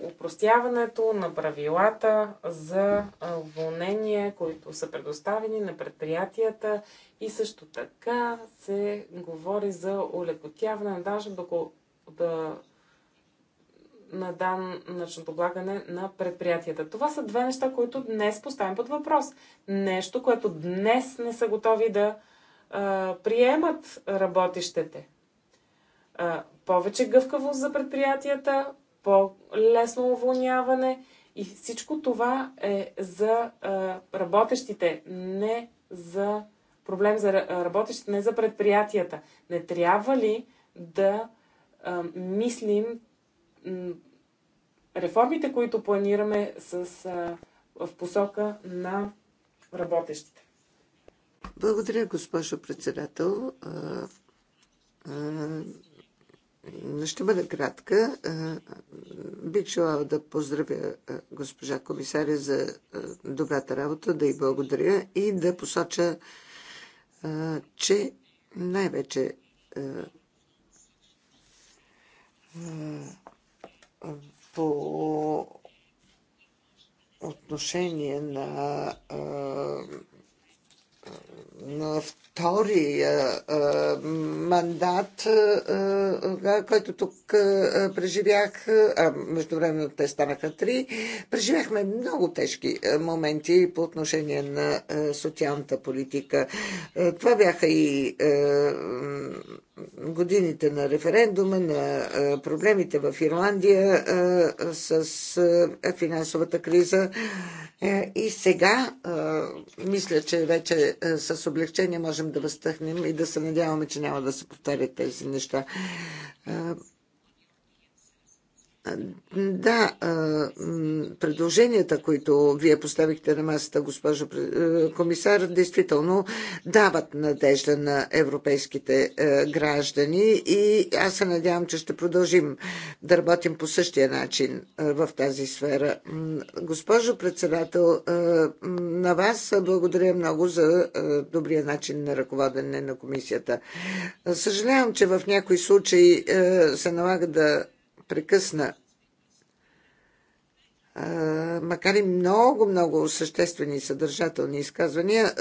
упростяването на правилата за уволнение, които са предоставени на предприятията и също така се говори за улекотяване на до до, на данъчното облагане на предприятията. Това са две неща, които днес поставим под въпрос. Нещо, което днес не са готови да приемат работещите. повече гъвкавост за предприятията, по-лесно уволняване и всичко това е за работещите, не за проблем за работещите, не за предприятията. Не трябва ли да мислим реформите, които планираме с, в посока на работещите? Благодаря, госпожо председател. Ще бъда кратка. Бих желала да поздравя госпожа комисаря за добрата работа, да й благодаря и да посоча, че най-вече по отношение на втория мандат, който тук преживях, а междувременно те станаха три, преживяхме много тежки моменти по отношение на социалната политика. Това бяха и годините на референдума, на проблемите в Ирландия с финансовата криза. Е, и сега, мисля, че вече с облегчение можем да възтъхнем и да се надяваме, че няма да се повтарят тези неща. Да, предложенията, които вие поставихте на масата, госпожо е, комисар, действително дават надежда на европейските е, граждани и аз се надявам, че ще продължим да работим по същия начин е, в тази сфера. Госпожо председател, на вас благодаря много за добрия начин на ръководене на комисията. Съжалявам, че в някои случаи се налага да прекъсна макар и много, много съществени и съдържателни изказвания,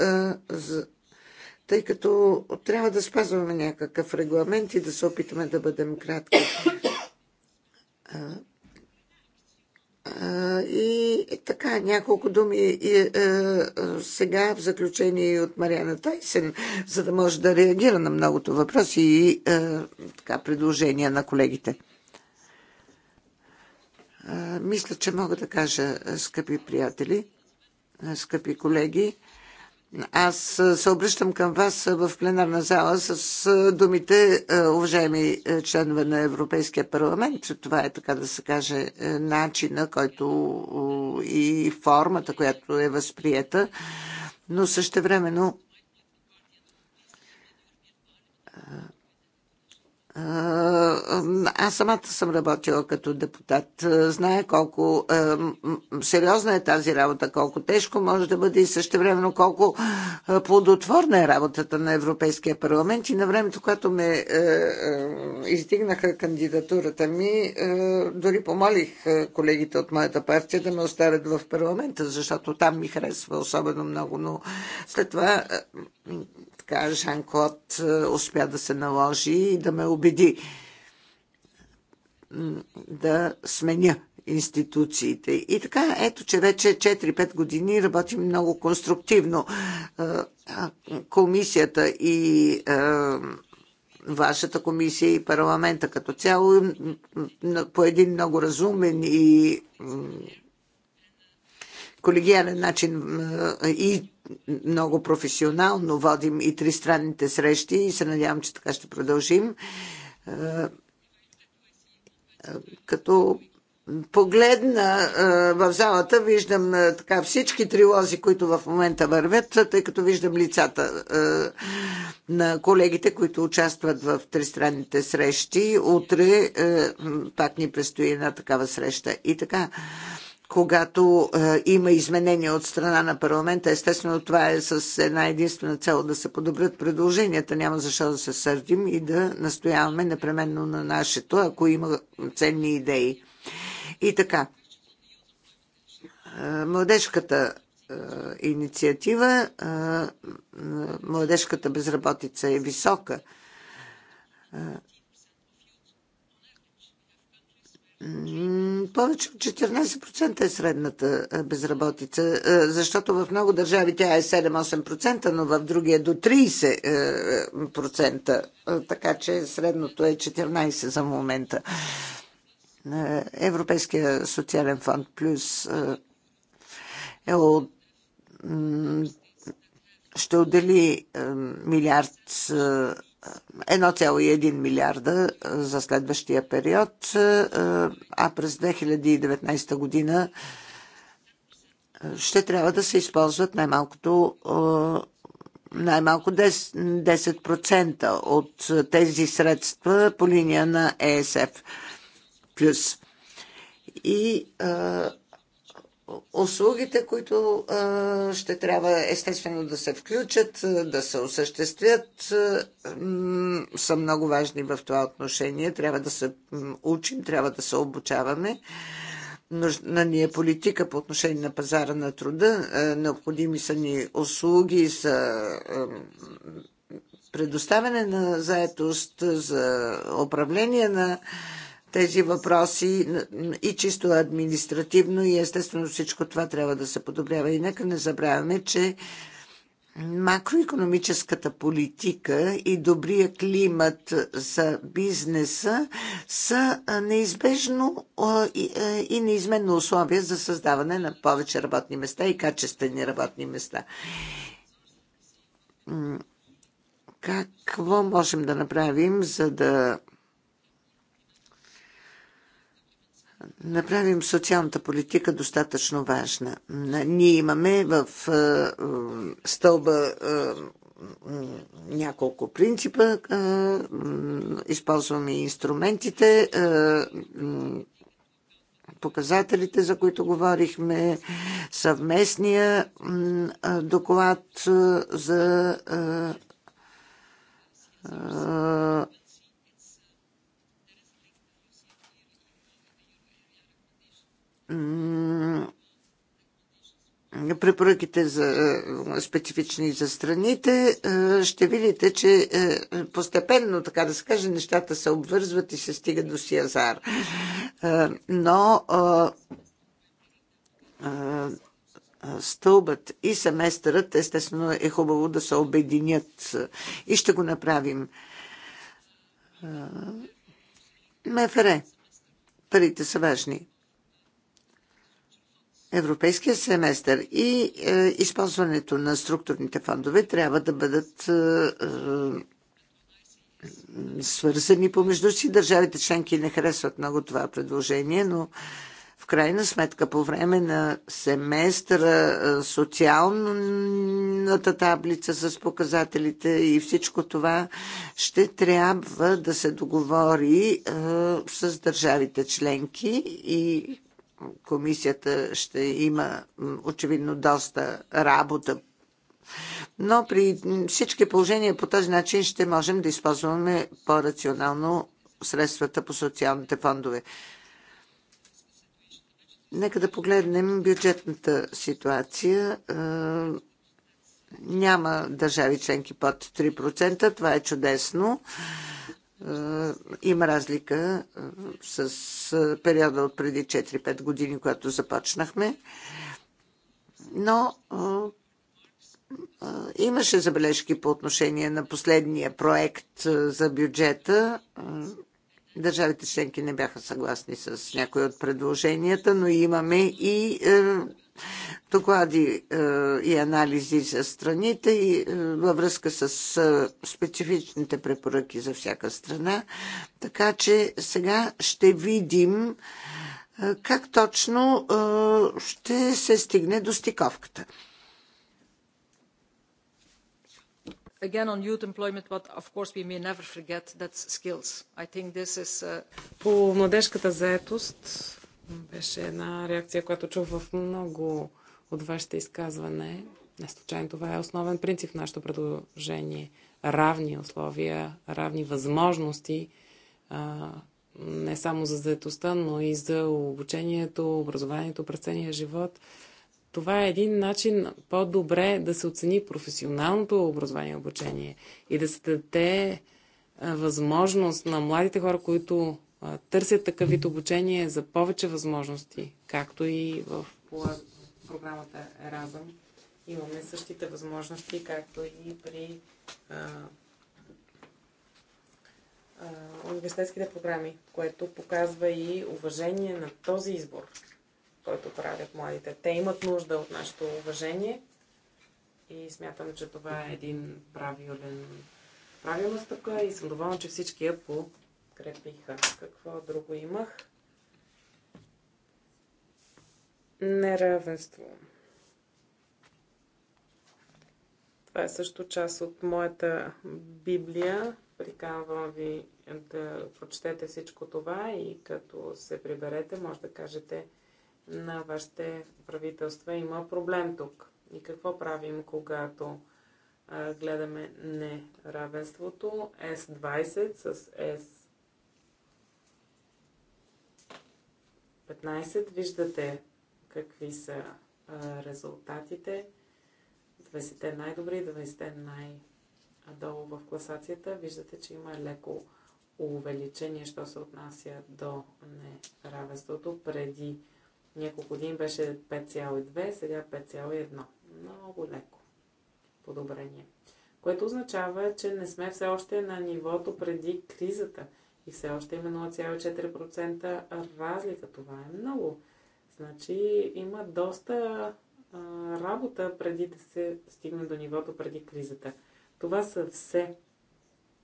тъй като трябва да спазваме някакъв регламент и да се опитаме да бъдем кратки. И така, няколко думи и, е, е, сега в заключение от Мариана Тайсен, за да може да реагира на многото въпроси и е, така, предложения на колегите. Мисля, че мога да кажа, скъпи приятели, скъпи колеги, аз се обръщам към вас в пленарна зала с думите, уважаеми членове на Европейския парламент. Това е, така да се каже, начина, който и формата, която е възприета, но също времено Аз самата съм работила като депутат. Зная колко сериозна е тази работа, колко тежко може да бъде и също времено колко плодотворна е работата на Европейския парламент. И на времето, когато ме издигнаха кандидатурата ми, дори помолих колегите от моята партия да ме оставят в парламента, защото там ми харесва особено много. Но след това така Жан Клод е, успя да се наложи и да ме убеди да сменя институциите. И така, ето, че вече 4-5 години работим много конструктивно. Е, комисията и е, вашата комисия и парламента като цяло по един много разумен и колегиален начин и много професионално водим и тристранните срещи и се надявам, че така ще продължим. Е, е, като погледна е, в залата, виждам така всички трилози, които в момента вървят, тъй като виждам лицата на колегите, които участват в тристранните срещи. Утре пак ни предстои една такава среща. И така, когато е, има изменения от страна на парламента, естествено това е с една единствена цел да се подобрят предложенията. Няма защо да се сърдим и да настояваме непременно на нашето, ако има ценни идеи. И така, е, младежката е, инициатива, е, е младежката безработица е висока. Е, повече от 14% е средната безработица, защото в много държави тя е 7-8%, но в други е до 30%, така че средното е 14% за момента. Европейския социален фонд плюс е от ще отдели милиард 1,1 милиарда за следващия период, а през 2019 година ще трябва да се използват най-малкото най-малко 10% от тези средства по линия на ЕСФ. Плюс. И а, услугите, които ще трябва естествено да се включат, да се осъществят, са много важни в това отношение. Трябва да се учим, трябва да се обучаваме. Нужна ни е политика по отношение на пазара на труда. Необходими са ни услуги за предоставяне на заетост, за управление на тези въпроси и чисто административно и естествено всичко това трябва да се подобрява. И нека не забравяме, че макроекономическата политика и добрия климат за бизнеса са неизбежно и неизменно условие за създаване на повече работни места и качествени работни места. Какво можем да направим, за да направим социалната политика достатъчно важна. Ние имаме в е, е, стълба е, няколко принципа, използваме инструментите, показателите, за които говорихме, съвместния доклад за препоръките за е, специфични за страните, е, ще видите, че е, постепенно, така да се каже, нещата се обвързват и се стига до Сиазар. Но стълбът и семестърът, естествено, е хубаво да се обединят и ще го направим. Мефере, парите са важни европейския семестър и е, използването на структурните фондове трябва да бъдат е, е, свързани помежду си. Държавите членки не харесват много това предложение, но в крайна сметка по време на семестъра е, социалната таблица с показателите и всичко това ще трябва да се договори е, с държавите членки и комисията ще има очевидно доста работа. Но при всички положения по този начин ще можем да използваме по-рационално средствата по социалните фондове. Нека да погледнем бюджетната ситуация. Е, няма държави членки под 3%. Това е чудесно. Е, има разлика е, с е, периода от преди 4-5 години, когато започнахме. Но имаше забележки по отношение на последния проект за бюджета. Държавите членки не бяха съгласни с някои от предложенията, но имаме и доклади е, и анализи за страните и е, във връзка с е, специфичните препоръки за всяка страна. Така че сега ще видим е, как точно е, ще се стигне до стиковката. again on youth employment but of course we may never forget that skills. I think this is uh... По младежката заетост беше една реакция, която чух в много от вашите изказване. Не случайно това е основен принцип в нашето предложение. Равни условия, равни възможности, не само за заедостта, но и за обучението, образованието, през живот. Това е един начин по-добре да се оцени професионалното образование и обучение и да се даде възможност на младите хора, които търсят такъв вид обучение за повече възможности, както и в програмата Еразъм. Имаме същите възможности, както и при а, а, университетските програми, което показва и уважение на този избор, който правят младите. Те имат нужда от нашето уважение и смятам, че това е един правилен, правилна стъпка и съм доволна, че всички я по подкрепиха. Какво друго имах? Неравенство. Това е също част от моята Библия. Приканвам ви да прочетете всичко това и като се приберете, може да кажете на вашите правителства има проблем тук. И какво правим, когато а, гледаме неравенството? С20 с 20 15. Виждате какви са а, резултатите. 20-те най-добри, 20-те най-долу в класацията. Виждате, че има леко увеличение, що се отнася до неравенството. Преди няколко години беше 5,2, сега 5,1. Много леко подобрение. Което означава, че не сме все още на нивото преди кризата – и все още има 0,4% разлика. Това е много. Значи има доста а, работа преди да се стигне до нивото преди кризата. Това са все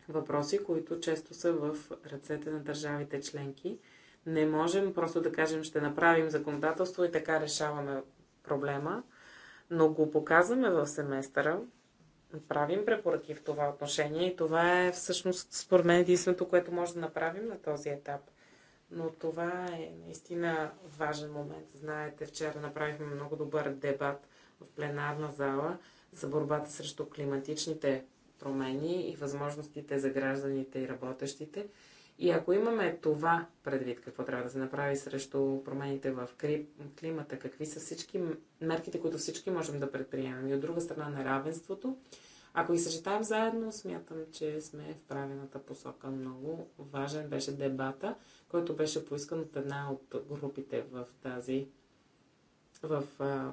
въпроси, които често са в ръцете на държавите членки. Не можем просто да кажем, ще направим законодателство и така решаваме проблема, но го показваме в семестъра, правим препоръки в това отношение и това е всъщност според мен единственото, което може да направим на този етап. Но това е наистина важен момент. Знаете, вчера направихме много добър дебат в пленарна зала за борбата срещу климатичните промени и възможностите за гражданите и работещите. И ако имаме това предвид, какво трябва да се направи срещу промените в климата, какви са всички мерките, които всички можем да предприемем и от друга страна неравенството, ако ги съчетаем заедно, смятам, че сме в правилната посока. Много важен беше дебата, който беше поискан от една от групите в тази в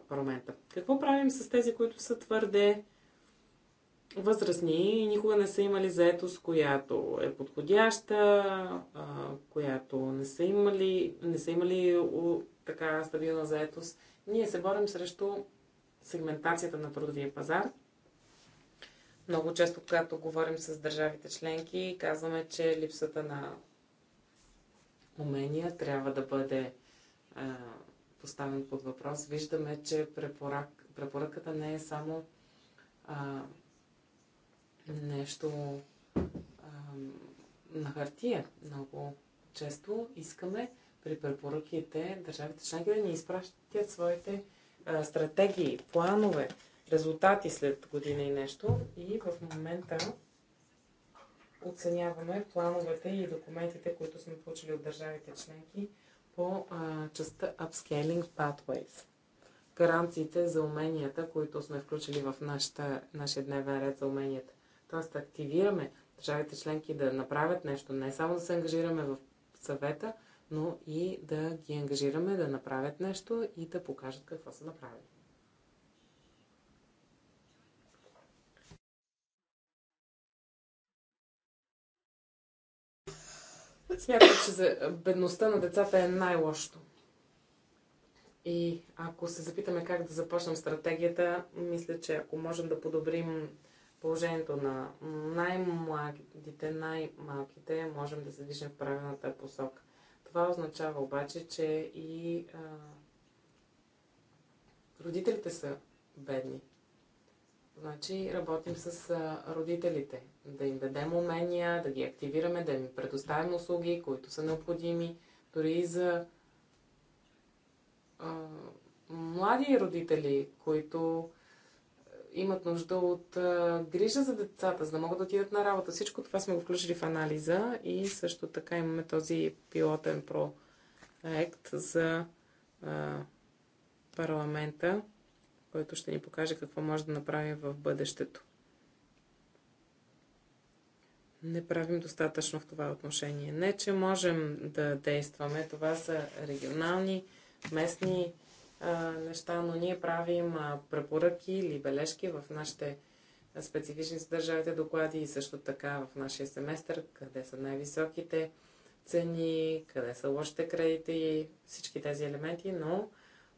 парламента. Какво правим с тези, които са твърде възрастни и никога не са имали заетост, която е подходяща, която не са имали, не са имали така стабилна заетост. Ние се борим срещу сегментацията на трудовия пазар. Много често, когато говорим с държавите членки, казваме, че липсата на умения трябва да бъде а, поставен под въпрос. Виждаме, че препорък, препоръката не е само а, нещо а, на хартия. Много често искаме при препоръките държавите членки да ни изпращат своите а, стратегии, планове, резултати след година и нещо. И в момента оценяваме плановете и документите, които сме получили от държавите членки по а, частта Upscaling Pathways. Гаранциите за уменията, които сме включили в нашата, нашия дневен ред за уменията. Тоест, активираме държавите членки да направят нещо, не само да се ангажираме в съвета, но и да ги ангажираме да направят нещо и да покажат какво са направили. Смятам, че за бедността на децата е най-лошото. И ако се запитаме как да започнем стратегията, мисля, че ако можем да подобрим положението на най-младите, най-малките, можем да се движим в правилната посока. Това означава обаче, че и а, родителите са бедни. Значи работим с а, родителите, да им дадем умения, да ги активираме, да им предоставим услуги, които са необходими, дори и за а, млади родители, които имат нужда от а, грижа за децата, за да могат да отидат на работа. Всичко това сме го включили в анализа и също така имаме този пилотен проект за а, парламента, който ще ни покаже какво може да направим в бъдещето. Не правим достатъчно в това отношение. Не, че можем да действаме. Това са регионални, местни неща, но ние правим препоръки или бележки в нашите специфични съдържавите, доклади и също така в нашия семестър, къде са най-високите цени, къде са лошите кредити, всички тези елементи, но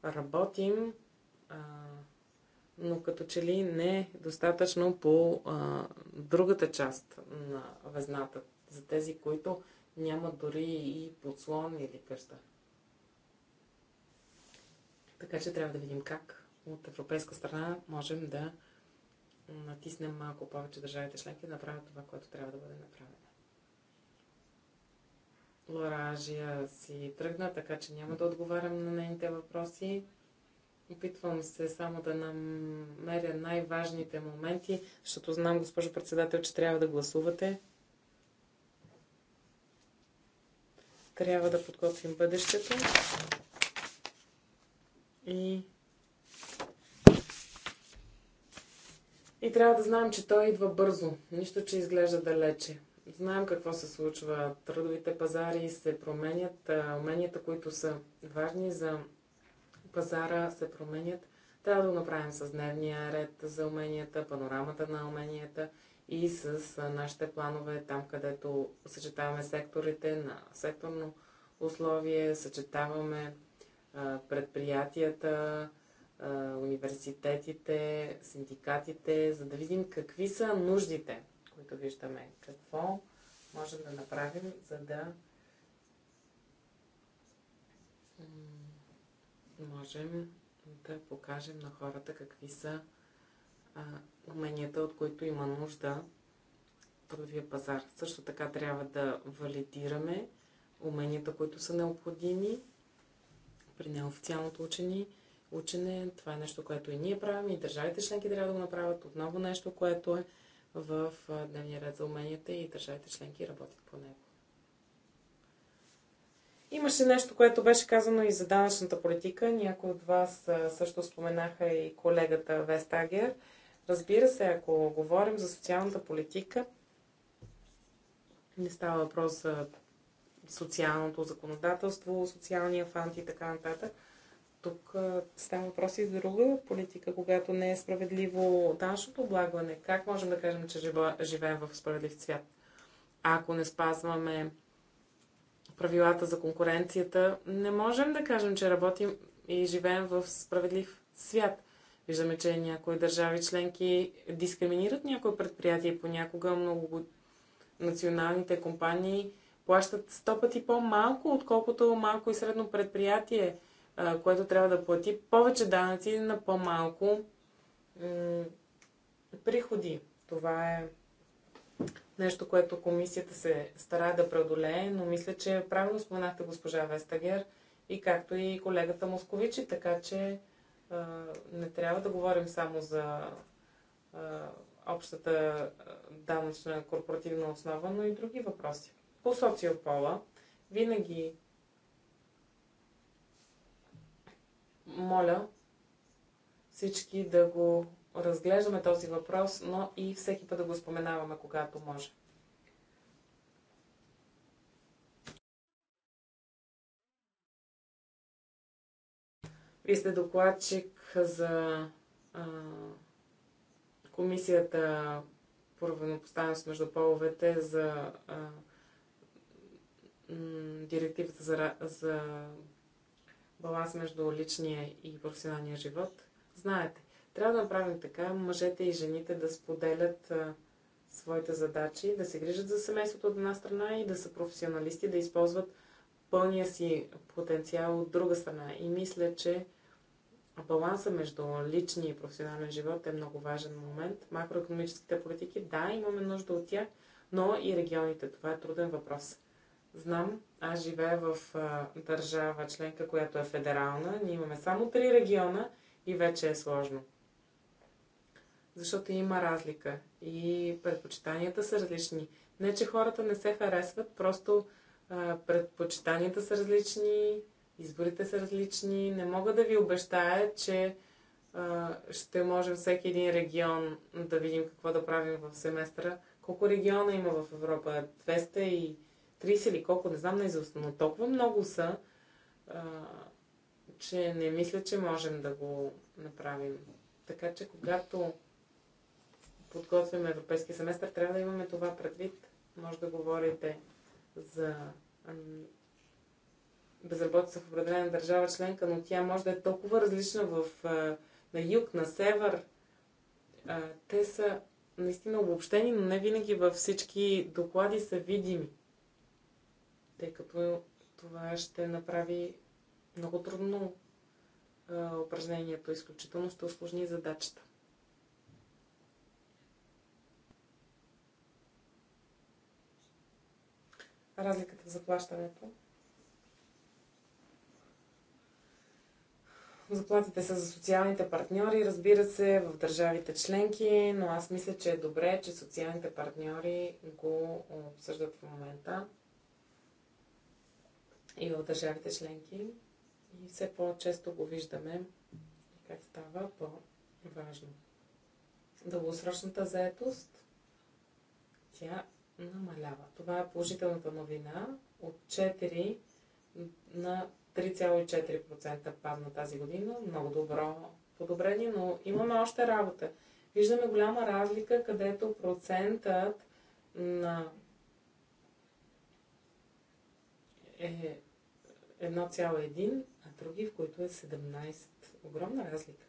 работим, но като че ли не достатъчно по а, другата част на везната, за тези, които нямат дори и подслон или къща. Така че трябва да видим как от европейска страна можем да натиснем малко повече държавите членки да направят това, което трябва да бъде направено. Лоражия си тръгна, така че няма да отговарям на нейните въпроси. Опитвам се само да намеря най-важните моменти, защото знам, госпожо председател, че трябва да гласувате. Трябва да подготвим бъдещето. И... И трябва да знаем, че той идва бързо. Нищо, че изглежда далече. Знаем какво се случва. Трудовите пазари се променят. Уменията, които са важни за пазара, се променят. Трябва да го направим с дневния ред за уменията, панорамата на уменията и с нашите планове, там където съчетаваме секторите на секторно условие, съчетаваме предприятията, университетите, синдикатите, за да видим какви са нуждите, които виждаме, какво можем да направим, за да можем да покажем на хората какви са уменията, от които има нужда трудовия пазар. Също така трябва да валидираме уменията, които са необходими при неофициалното учени, учене. Това е нещо, което и ние правим, и държавите членки трябва да го направят. Отново нещо, което е в дневния ред за уменията и държавите членки работят по него. Имаше нещо, което беше казано и за данъчната политика. Някои от вас също споменаха и колегата Вестагер. Разбира се, ако говорим за социалната политика, не става въпрос за социалното законодателство, социалния фант и така нататък. Тук става въпрос и за друга политика, когато не е справедливо данъчното облагане. Как можем да кажем, че живеем в справедлив свят? Ако не спазваме правилата за конкуренцията, не можем да кажем, че работим и живеем в справедлив свят. Виждаме, че някои държави членки дискриминират някои предприятия и понякога много националните компании плащат 100 пъти по-малко, отколкото малко и средно предприятие, което трябва да плати повече данъци на по-малко приходи. Това е нещо, което комисията се стара да преодолее, но мисля, че правилно споменахте госпожа Вестагер и както и колегата Московичи, така че не трябва да говорим само за общата данъчна корпоративна основа, но и други въпроси по социопола, винаги моля всички да го разглеждаме този въпрос, но и всеки път да го споменаваме, когато може. Вие сте докладчик за а, комисията по равнопоставеност между половете за а, директивата за, за баланс между личния и професионалния живот, знаете, трябва да направим така мъжете и жените да споделят а, своите задачи, да се грижат за семейството от една страна и да са професионалисти, да използват пълния си потенциал от друга страна. И мисля, че баланса между личния и професионален живот е много важен момент. Макроекономическите политики, да, имаме нужда от тях, но и регионите. Това е труден въпрос. Знам, аз живея в а, държава членка, която е федерална. Ние имаме само три региона и вече е сложно. Защото има разлика и предпочитанията са различни. Не, че хората не се харесват, просто а, предпочитанията са различни, изборите са различни. Не мога да ви обещая, че а, ще можем всеки един регион да видим какво да правим в семестра. Колко региона има в Европа? 200 и 30 или колко, не знам наизуст, но толкова много са, а, че не мисля, че можем да го направим. Така че, когато подготвим европейски семестър, трябва да имаме това предвид. Може да говорите за безработица в определена държава членка, но тя може да е толкова различна в, на юг, на север. Те са наистина обобщени, но не винаги във всички доклади са видими тъй като това ще направи много трудно а, упражнението, изключително ще усложни задачата. Разликата в заплащането. Заплатите са за социалните партньори, разбира се, в държавите членки, но аз мисля, че е добре, че социалните партньори го обсъждат в момента и в държавите членки. И все по-често го виждаме как става по-важно. Дългосрочната заетост, тя намалява. Това е положителната новина. От 4 на 3,4% падна тази година. Много добро подобрение, но имаме още работа. Виждаме голяма разлика, където процентът на е 1,1, а други, в които е 17. Огромна разлика.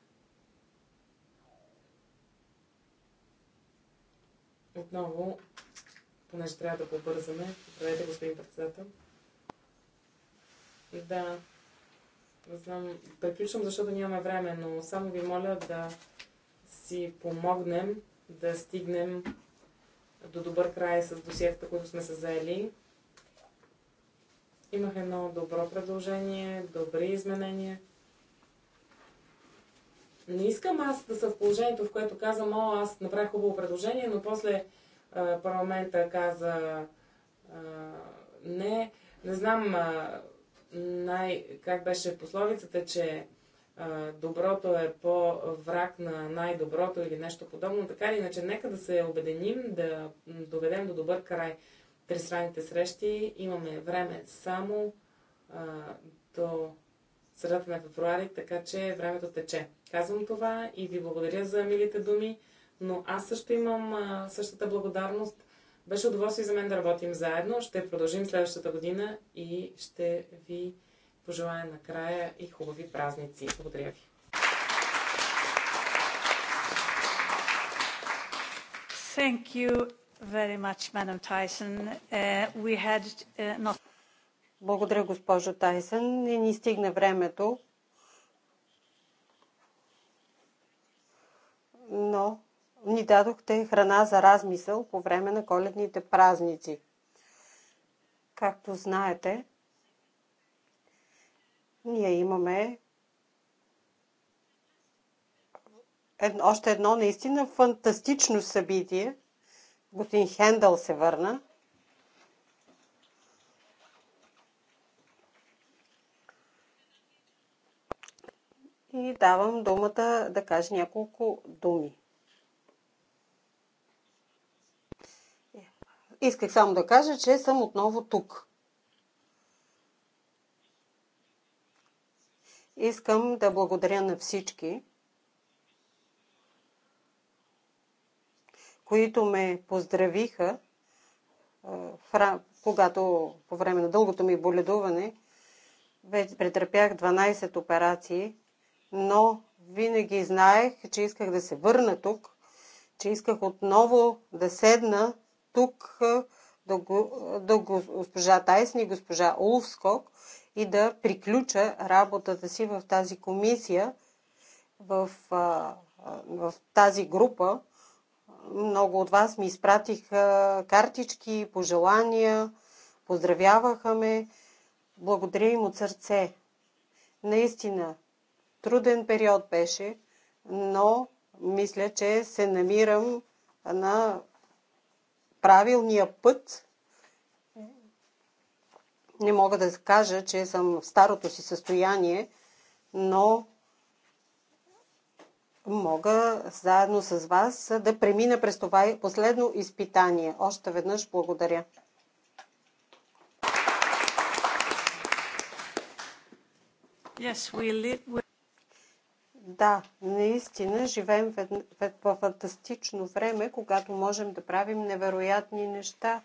Отново, понеже трябва да побързаме, здравейте, господин председател. Да, знам, приключвам, защото нямаме време, но само ви моля да си помогнем да стигнем до добър край с досиетата, които сме се заели. Имах едно добро предложение, добри изменения. Не искам аз да съм в положението, в което казвам, о, аз направих хубаво предложение, но после а, парламента каза а, не. Не знам а, най, как беше пословицата, че доброто е по-враг на най-доброто или нещо подобно. Така или иначе, нека да се обединим, да доведем до добър край тристранните срещи. Имаме време само а, до средата на февруари, така че времето тече. Казвам това и ви благодаря за милите думи, но аз също имам а, същата благодарност. Беше удоволствие за мен да работим заедно. Ще продължим следващата година и ще ви пожелая накрая и хубави празници. Благодаря ви. Thank you very much, Madam Tyson. Uh, we had uh, not... Благодаря, госпожо Тайсън. Не ни стигна времето. Но ни дадохте храна за размисъл по време на коледните празници. Както знаете, ние имаме едно, още едно наистина фантастично събитие – Готин Хендъл се върна. И давам думата да кажа няколко думи. Исках само да кажа, че съм отново тук. Искам да благодаря на всички. които ме поздравиха, когато по време на дългото ми боледуване претърпях 12 операции, но винаги знаех, че исках да се върна тук, че исках отново да седна тук до, до госпожа Тайсни и госпожа Улфскок и да приключа работата си в тази комисия, в, в тази група, много от вас ми изпратиха картички, пожелания, поздравяваха ме. Благодаря им от сърце. Наистина, труден период беше, но мисля, че се намирам на правилния път. Не мога да кажа, че съм в старото си състояние, но мога заедно с вас да премина през това последно изпитание. Още веднъж благодаря. Yes, we live... Да, наистина живеем в фантастично време, когато можем да правим невероятни неща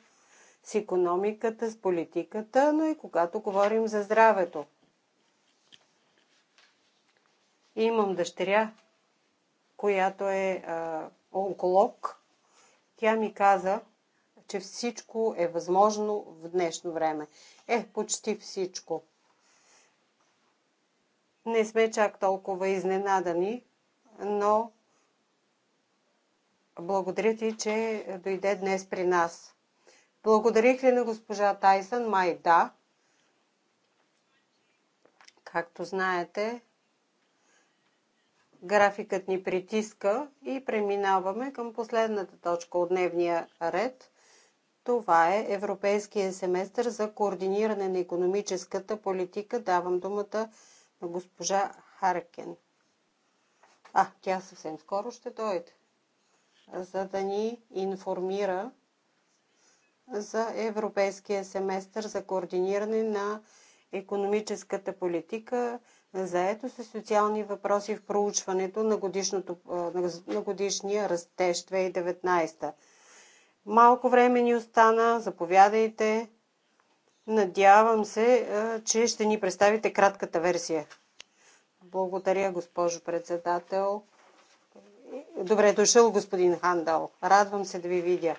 с економиката, с политиката, но и когато говорим за здравето. Имам дъщеря, която е а, онколог, тя ми каза, че всичко е възможно в днешно време. Е, почти всичко. Не сме чак толкова изненадани, но благодаря ти, че дойде днес при нас. Благодарих ли на госпожа Тайсън? Май да. Както знаете, Графикът ни притиска и преминаваме към последната точка от дневния ред. Това е Европейския семестър за координиране на економическата политика. Давам думата на госпожа Харкен. А, тя съвсем скоро ще дойде, за да ни информира за Европейския семестър за координиране на економическата политика – заето с социални въпроси в проучването на, на годишния растеж 2019. Малко време ни остана, заповядайте. Надявам се, че ще ни представите кратката версия. Благодаря, госпожо председател. Добре е дошъл, господин Хандал. Радвам се да ви видя.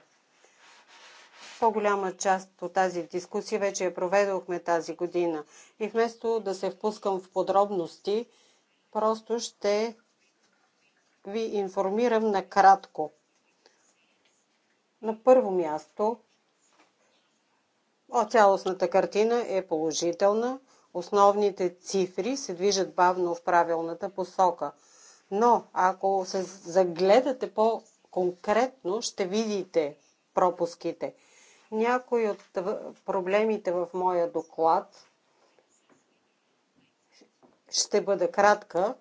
По-голяма част от тази дискусия вече я проведохме тази година. И вместо да се впускам в подробности, просто ще ви информирам накратко. На първо място, цялостната картина е положителна. Основните цифри се движат бавно в правилната посока. Но ако се загледате по-конкретно, ще видите пропуските – някои от проблемите в моя доклад ще бъда кратка.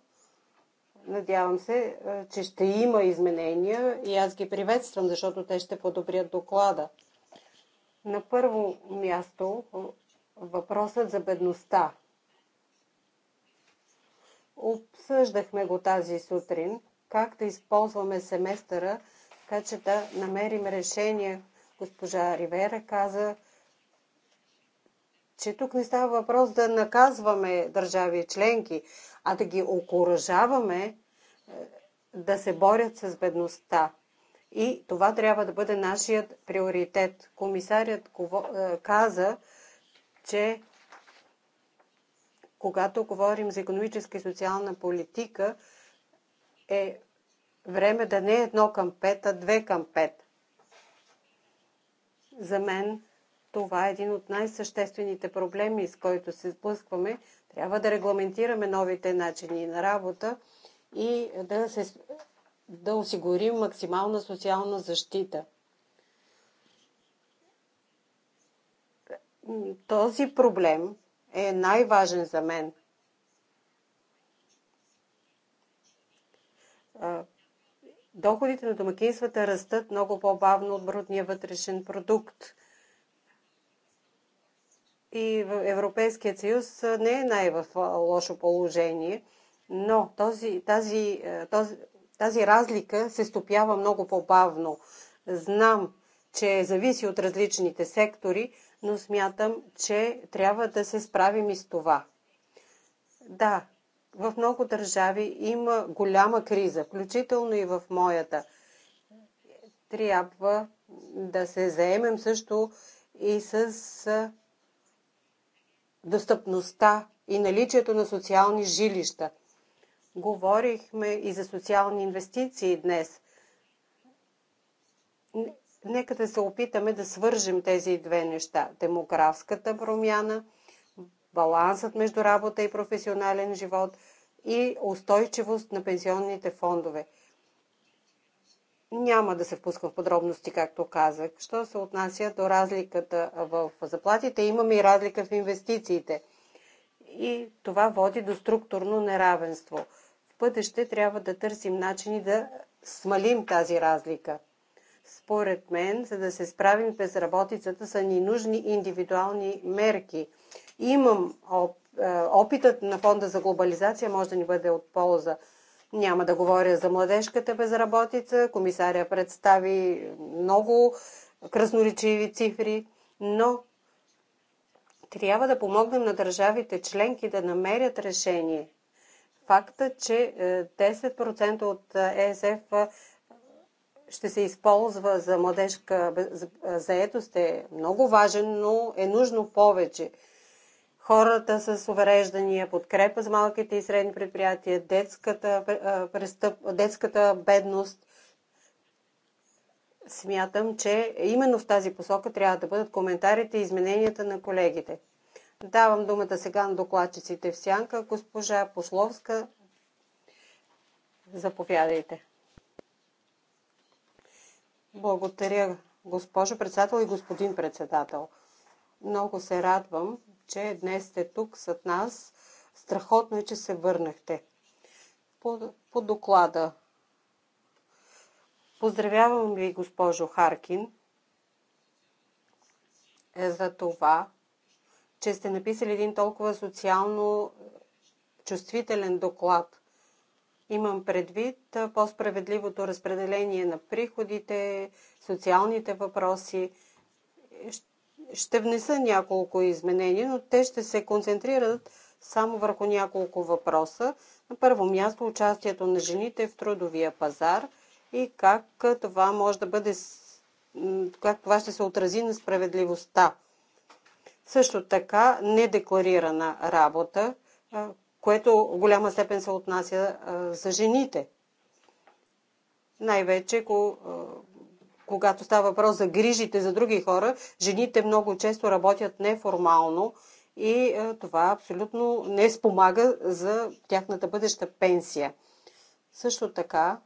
Надявам се, че ще има изменения и аз ги приветствам, защото те ще подобрят доклада. На първо място въпросът за бедността. Обсъждахме го тази сутрин, как да използваме семестъра, така че да намерим решение Госпожа Ривера каза, че тук не става въпрос да наказваме държави и членки, а да ги окоръжаваме е, да се борят с бедността. И това трябва да бъде нашият приоритет. Комисарят е, каза, че когато говорим за економическа и социална политика, е време да не е едно към пет, а две към пет. За мен това е един от най-съществените проблеми, с който се сблъскваме. Трябва да регламентираме новите начини на работа и да, се, да осигурим максимална социална защита. Този проблем е най-важен за мен доходите на домакинствата растат много по-бавно от брутния вътрешен продукт. И Европейският съюз не е най-в лошо положение, но този, тази, е, този, тази разлика се стопява много по-бавно. Знам, че зависи от различните сектори, но смятам, че трябва да се справим и с това. Да, в много държави има голяма криза, включително и в моята. Трябва да се заемем също и с достъпността и наличието на социални жилища. Говорихме и за социални инвестиции днес. Нека да се опитаме да свържем тези две неща. Демографската промяна – балансът между работа и професионален живот и устойчивост на пенсионните фондове. Няма да се впускам в подробности, както казах. Що се отнася до разликата в заплатите, имаме и разлика в инвестициите. И това води до структурно неравенство. В бъдеще трябва да търсим начини да смалим тази разлика. Според мен, за да се справим с безработицата, са ни нужни индивидуални мерки имам оп, е, опитът на фонда за глобализация може да ни бъде от полза. Няма да говоря за младежката безработица. Комисаря представи много красноречиви цифри, но трябва да помогнем на държавите членки да намерят решение. Факта, че 10% е, от е, ЕСФ ще се използва за младежка заетост е много важен, но е нужно повече хората с увреждания, подкрепа за малките и средни предприятия, детската, престъп, детската бедност. Смятам, че именно в тази посока трябва да бъдат коментарите и измененията на колегите. Давам думата сега на докладчиците в сянка. Госпожа Пословска, заповядайте. Благодаря, госпожо председател и господин председател. Много се радвам, че днес сте тук с нас. Страхотно е, че се върнахте. По, по доклада. Поздравявам ви, госпожо Харкин, е, за това, че сте написали един толкова социално е, чувствителен доклад. Имам предвид е, по-справедливото разпределение на приходите, социалните въпроси ще внеса няколко изменения, но те ще се концентрират само върху няколко въпроса. На първо място участието на жените в трудовия пазар и как това може да бъде как това ще се отрази на справедливостта. Също така недекларирана работа, което в голяма степен се отнася за жените. Най-вече когато става въпрос за грижите за други хора, жените много често работят неформално и е, това абсолютно не спомага за тяхната бъдеща пенсия. Също така,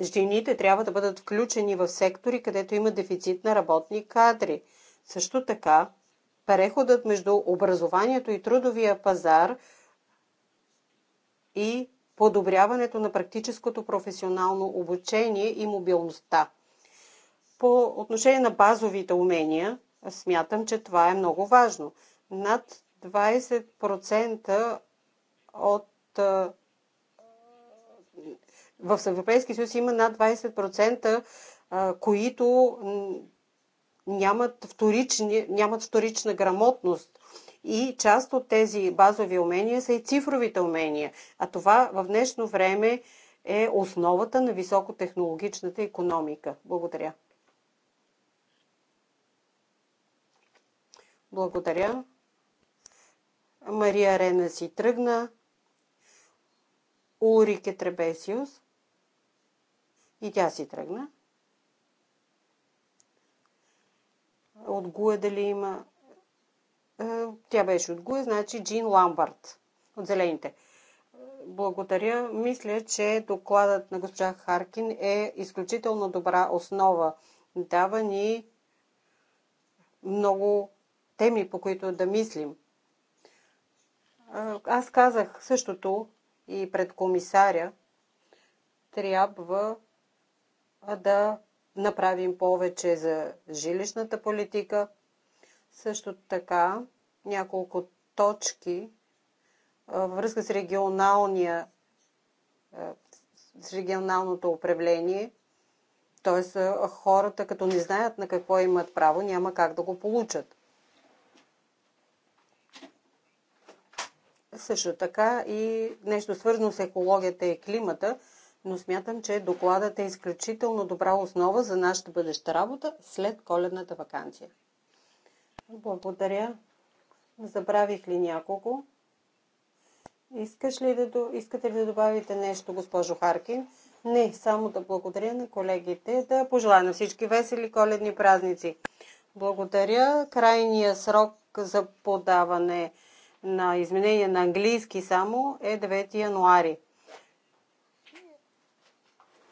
жените трябва да бъдат включени в сектори, където има дефицит на работни кадри. Също така, преходът между образованието и трудовия пазар и подобряването на практическото професионално обучение и мобилността. По отношение на базовите умения, смятам, че това е много важно. Над 20% от в Европейския съюз има над 20%, които нямат, вторични, нямат вторична грамотност. И част от тези базови умения са и цифровите умения. А това в днешно време е основата на високотехнологичната економика. Благодаря. Благодаря. Мария Рена си тръгна. Урике Требесиус. И тя си тръгна. От Гуе дали има е, тя беше от Гуе, значи Джин Ламбард от Зелените. Благодаря. Мисля, че докладът на госпожа Харкин е изключително добра основа. Дава ни много теми, по които да мислим. Е, аз казах същото и пред комисаря. Трябва да направим повече за жилищната политика, също така няколко точки във връзка с регионалния с регионалното управление. Т.е. хората, като не знаят на какво имат право, няма как да го получат. Също така и нещо свързано с екологията и климата, но смятам, че докладът е изключително добра основа за нашата бъдеща работа след коледната вакансия. Благодаря. Забравих ли няколко. Искаш ли да, искате ли да добавите нещо, госпожо Харкин? Не, само да благодаря на колегите, да пожелая на всички весели коледни празници. Благодаря. Крайния срок за подаване на изменения на английски само е 9 януари.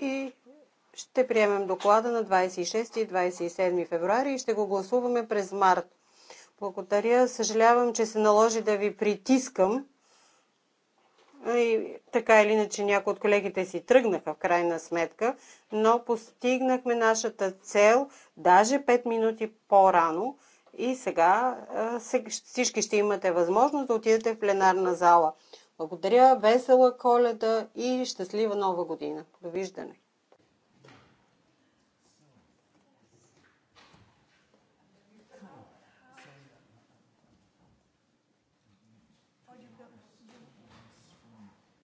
И ще приемем доклада на 26 и 27 февруари и ще го гласуваме през март. Благодаря. Съжалявам, че се наложи да ви притискам. И, така или иначе някои от колегите си тръгнаха в крайна сметка, но постигнахме нашата цел даже 5 минути по-рано и сега всички ще имате възможност да отидете в пленарна зала. Благодаря, весела коледа и щастлива нова година. Довиждане!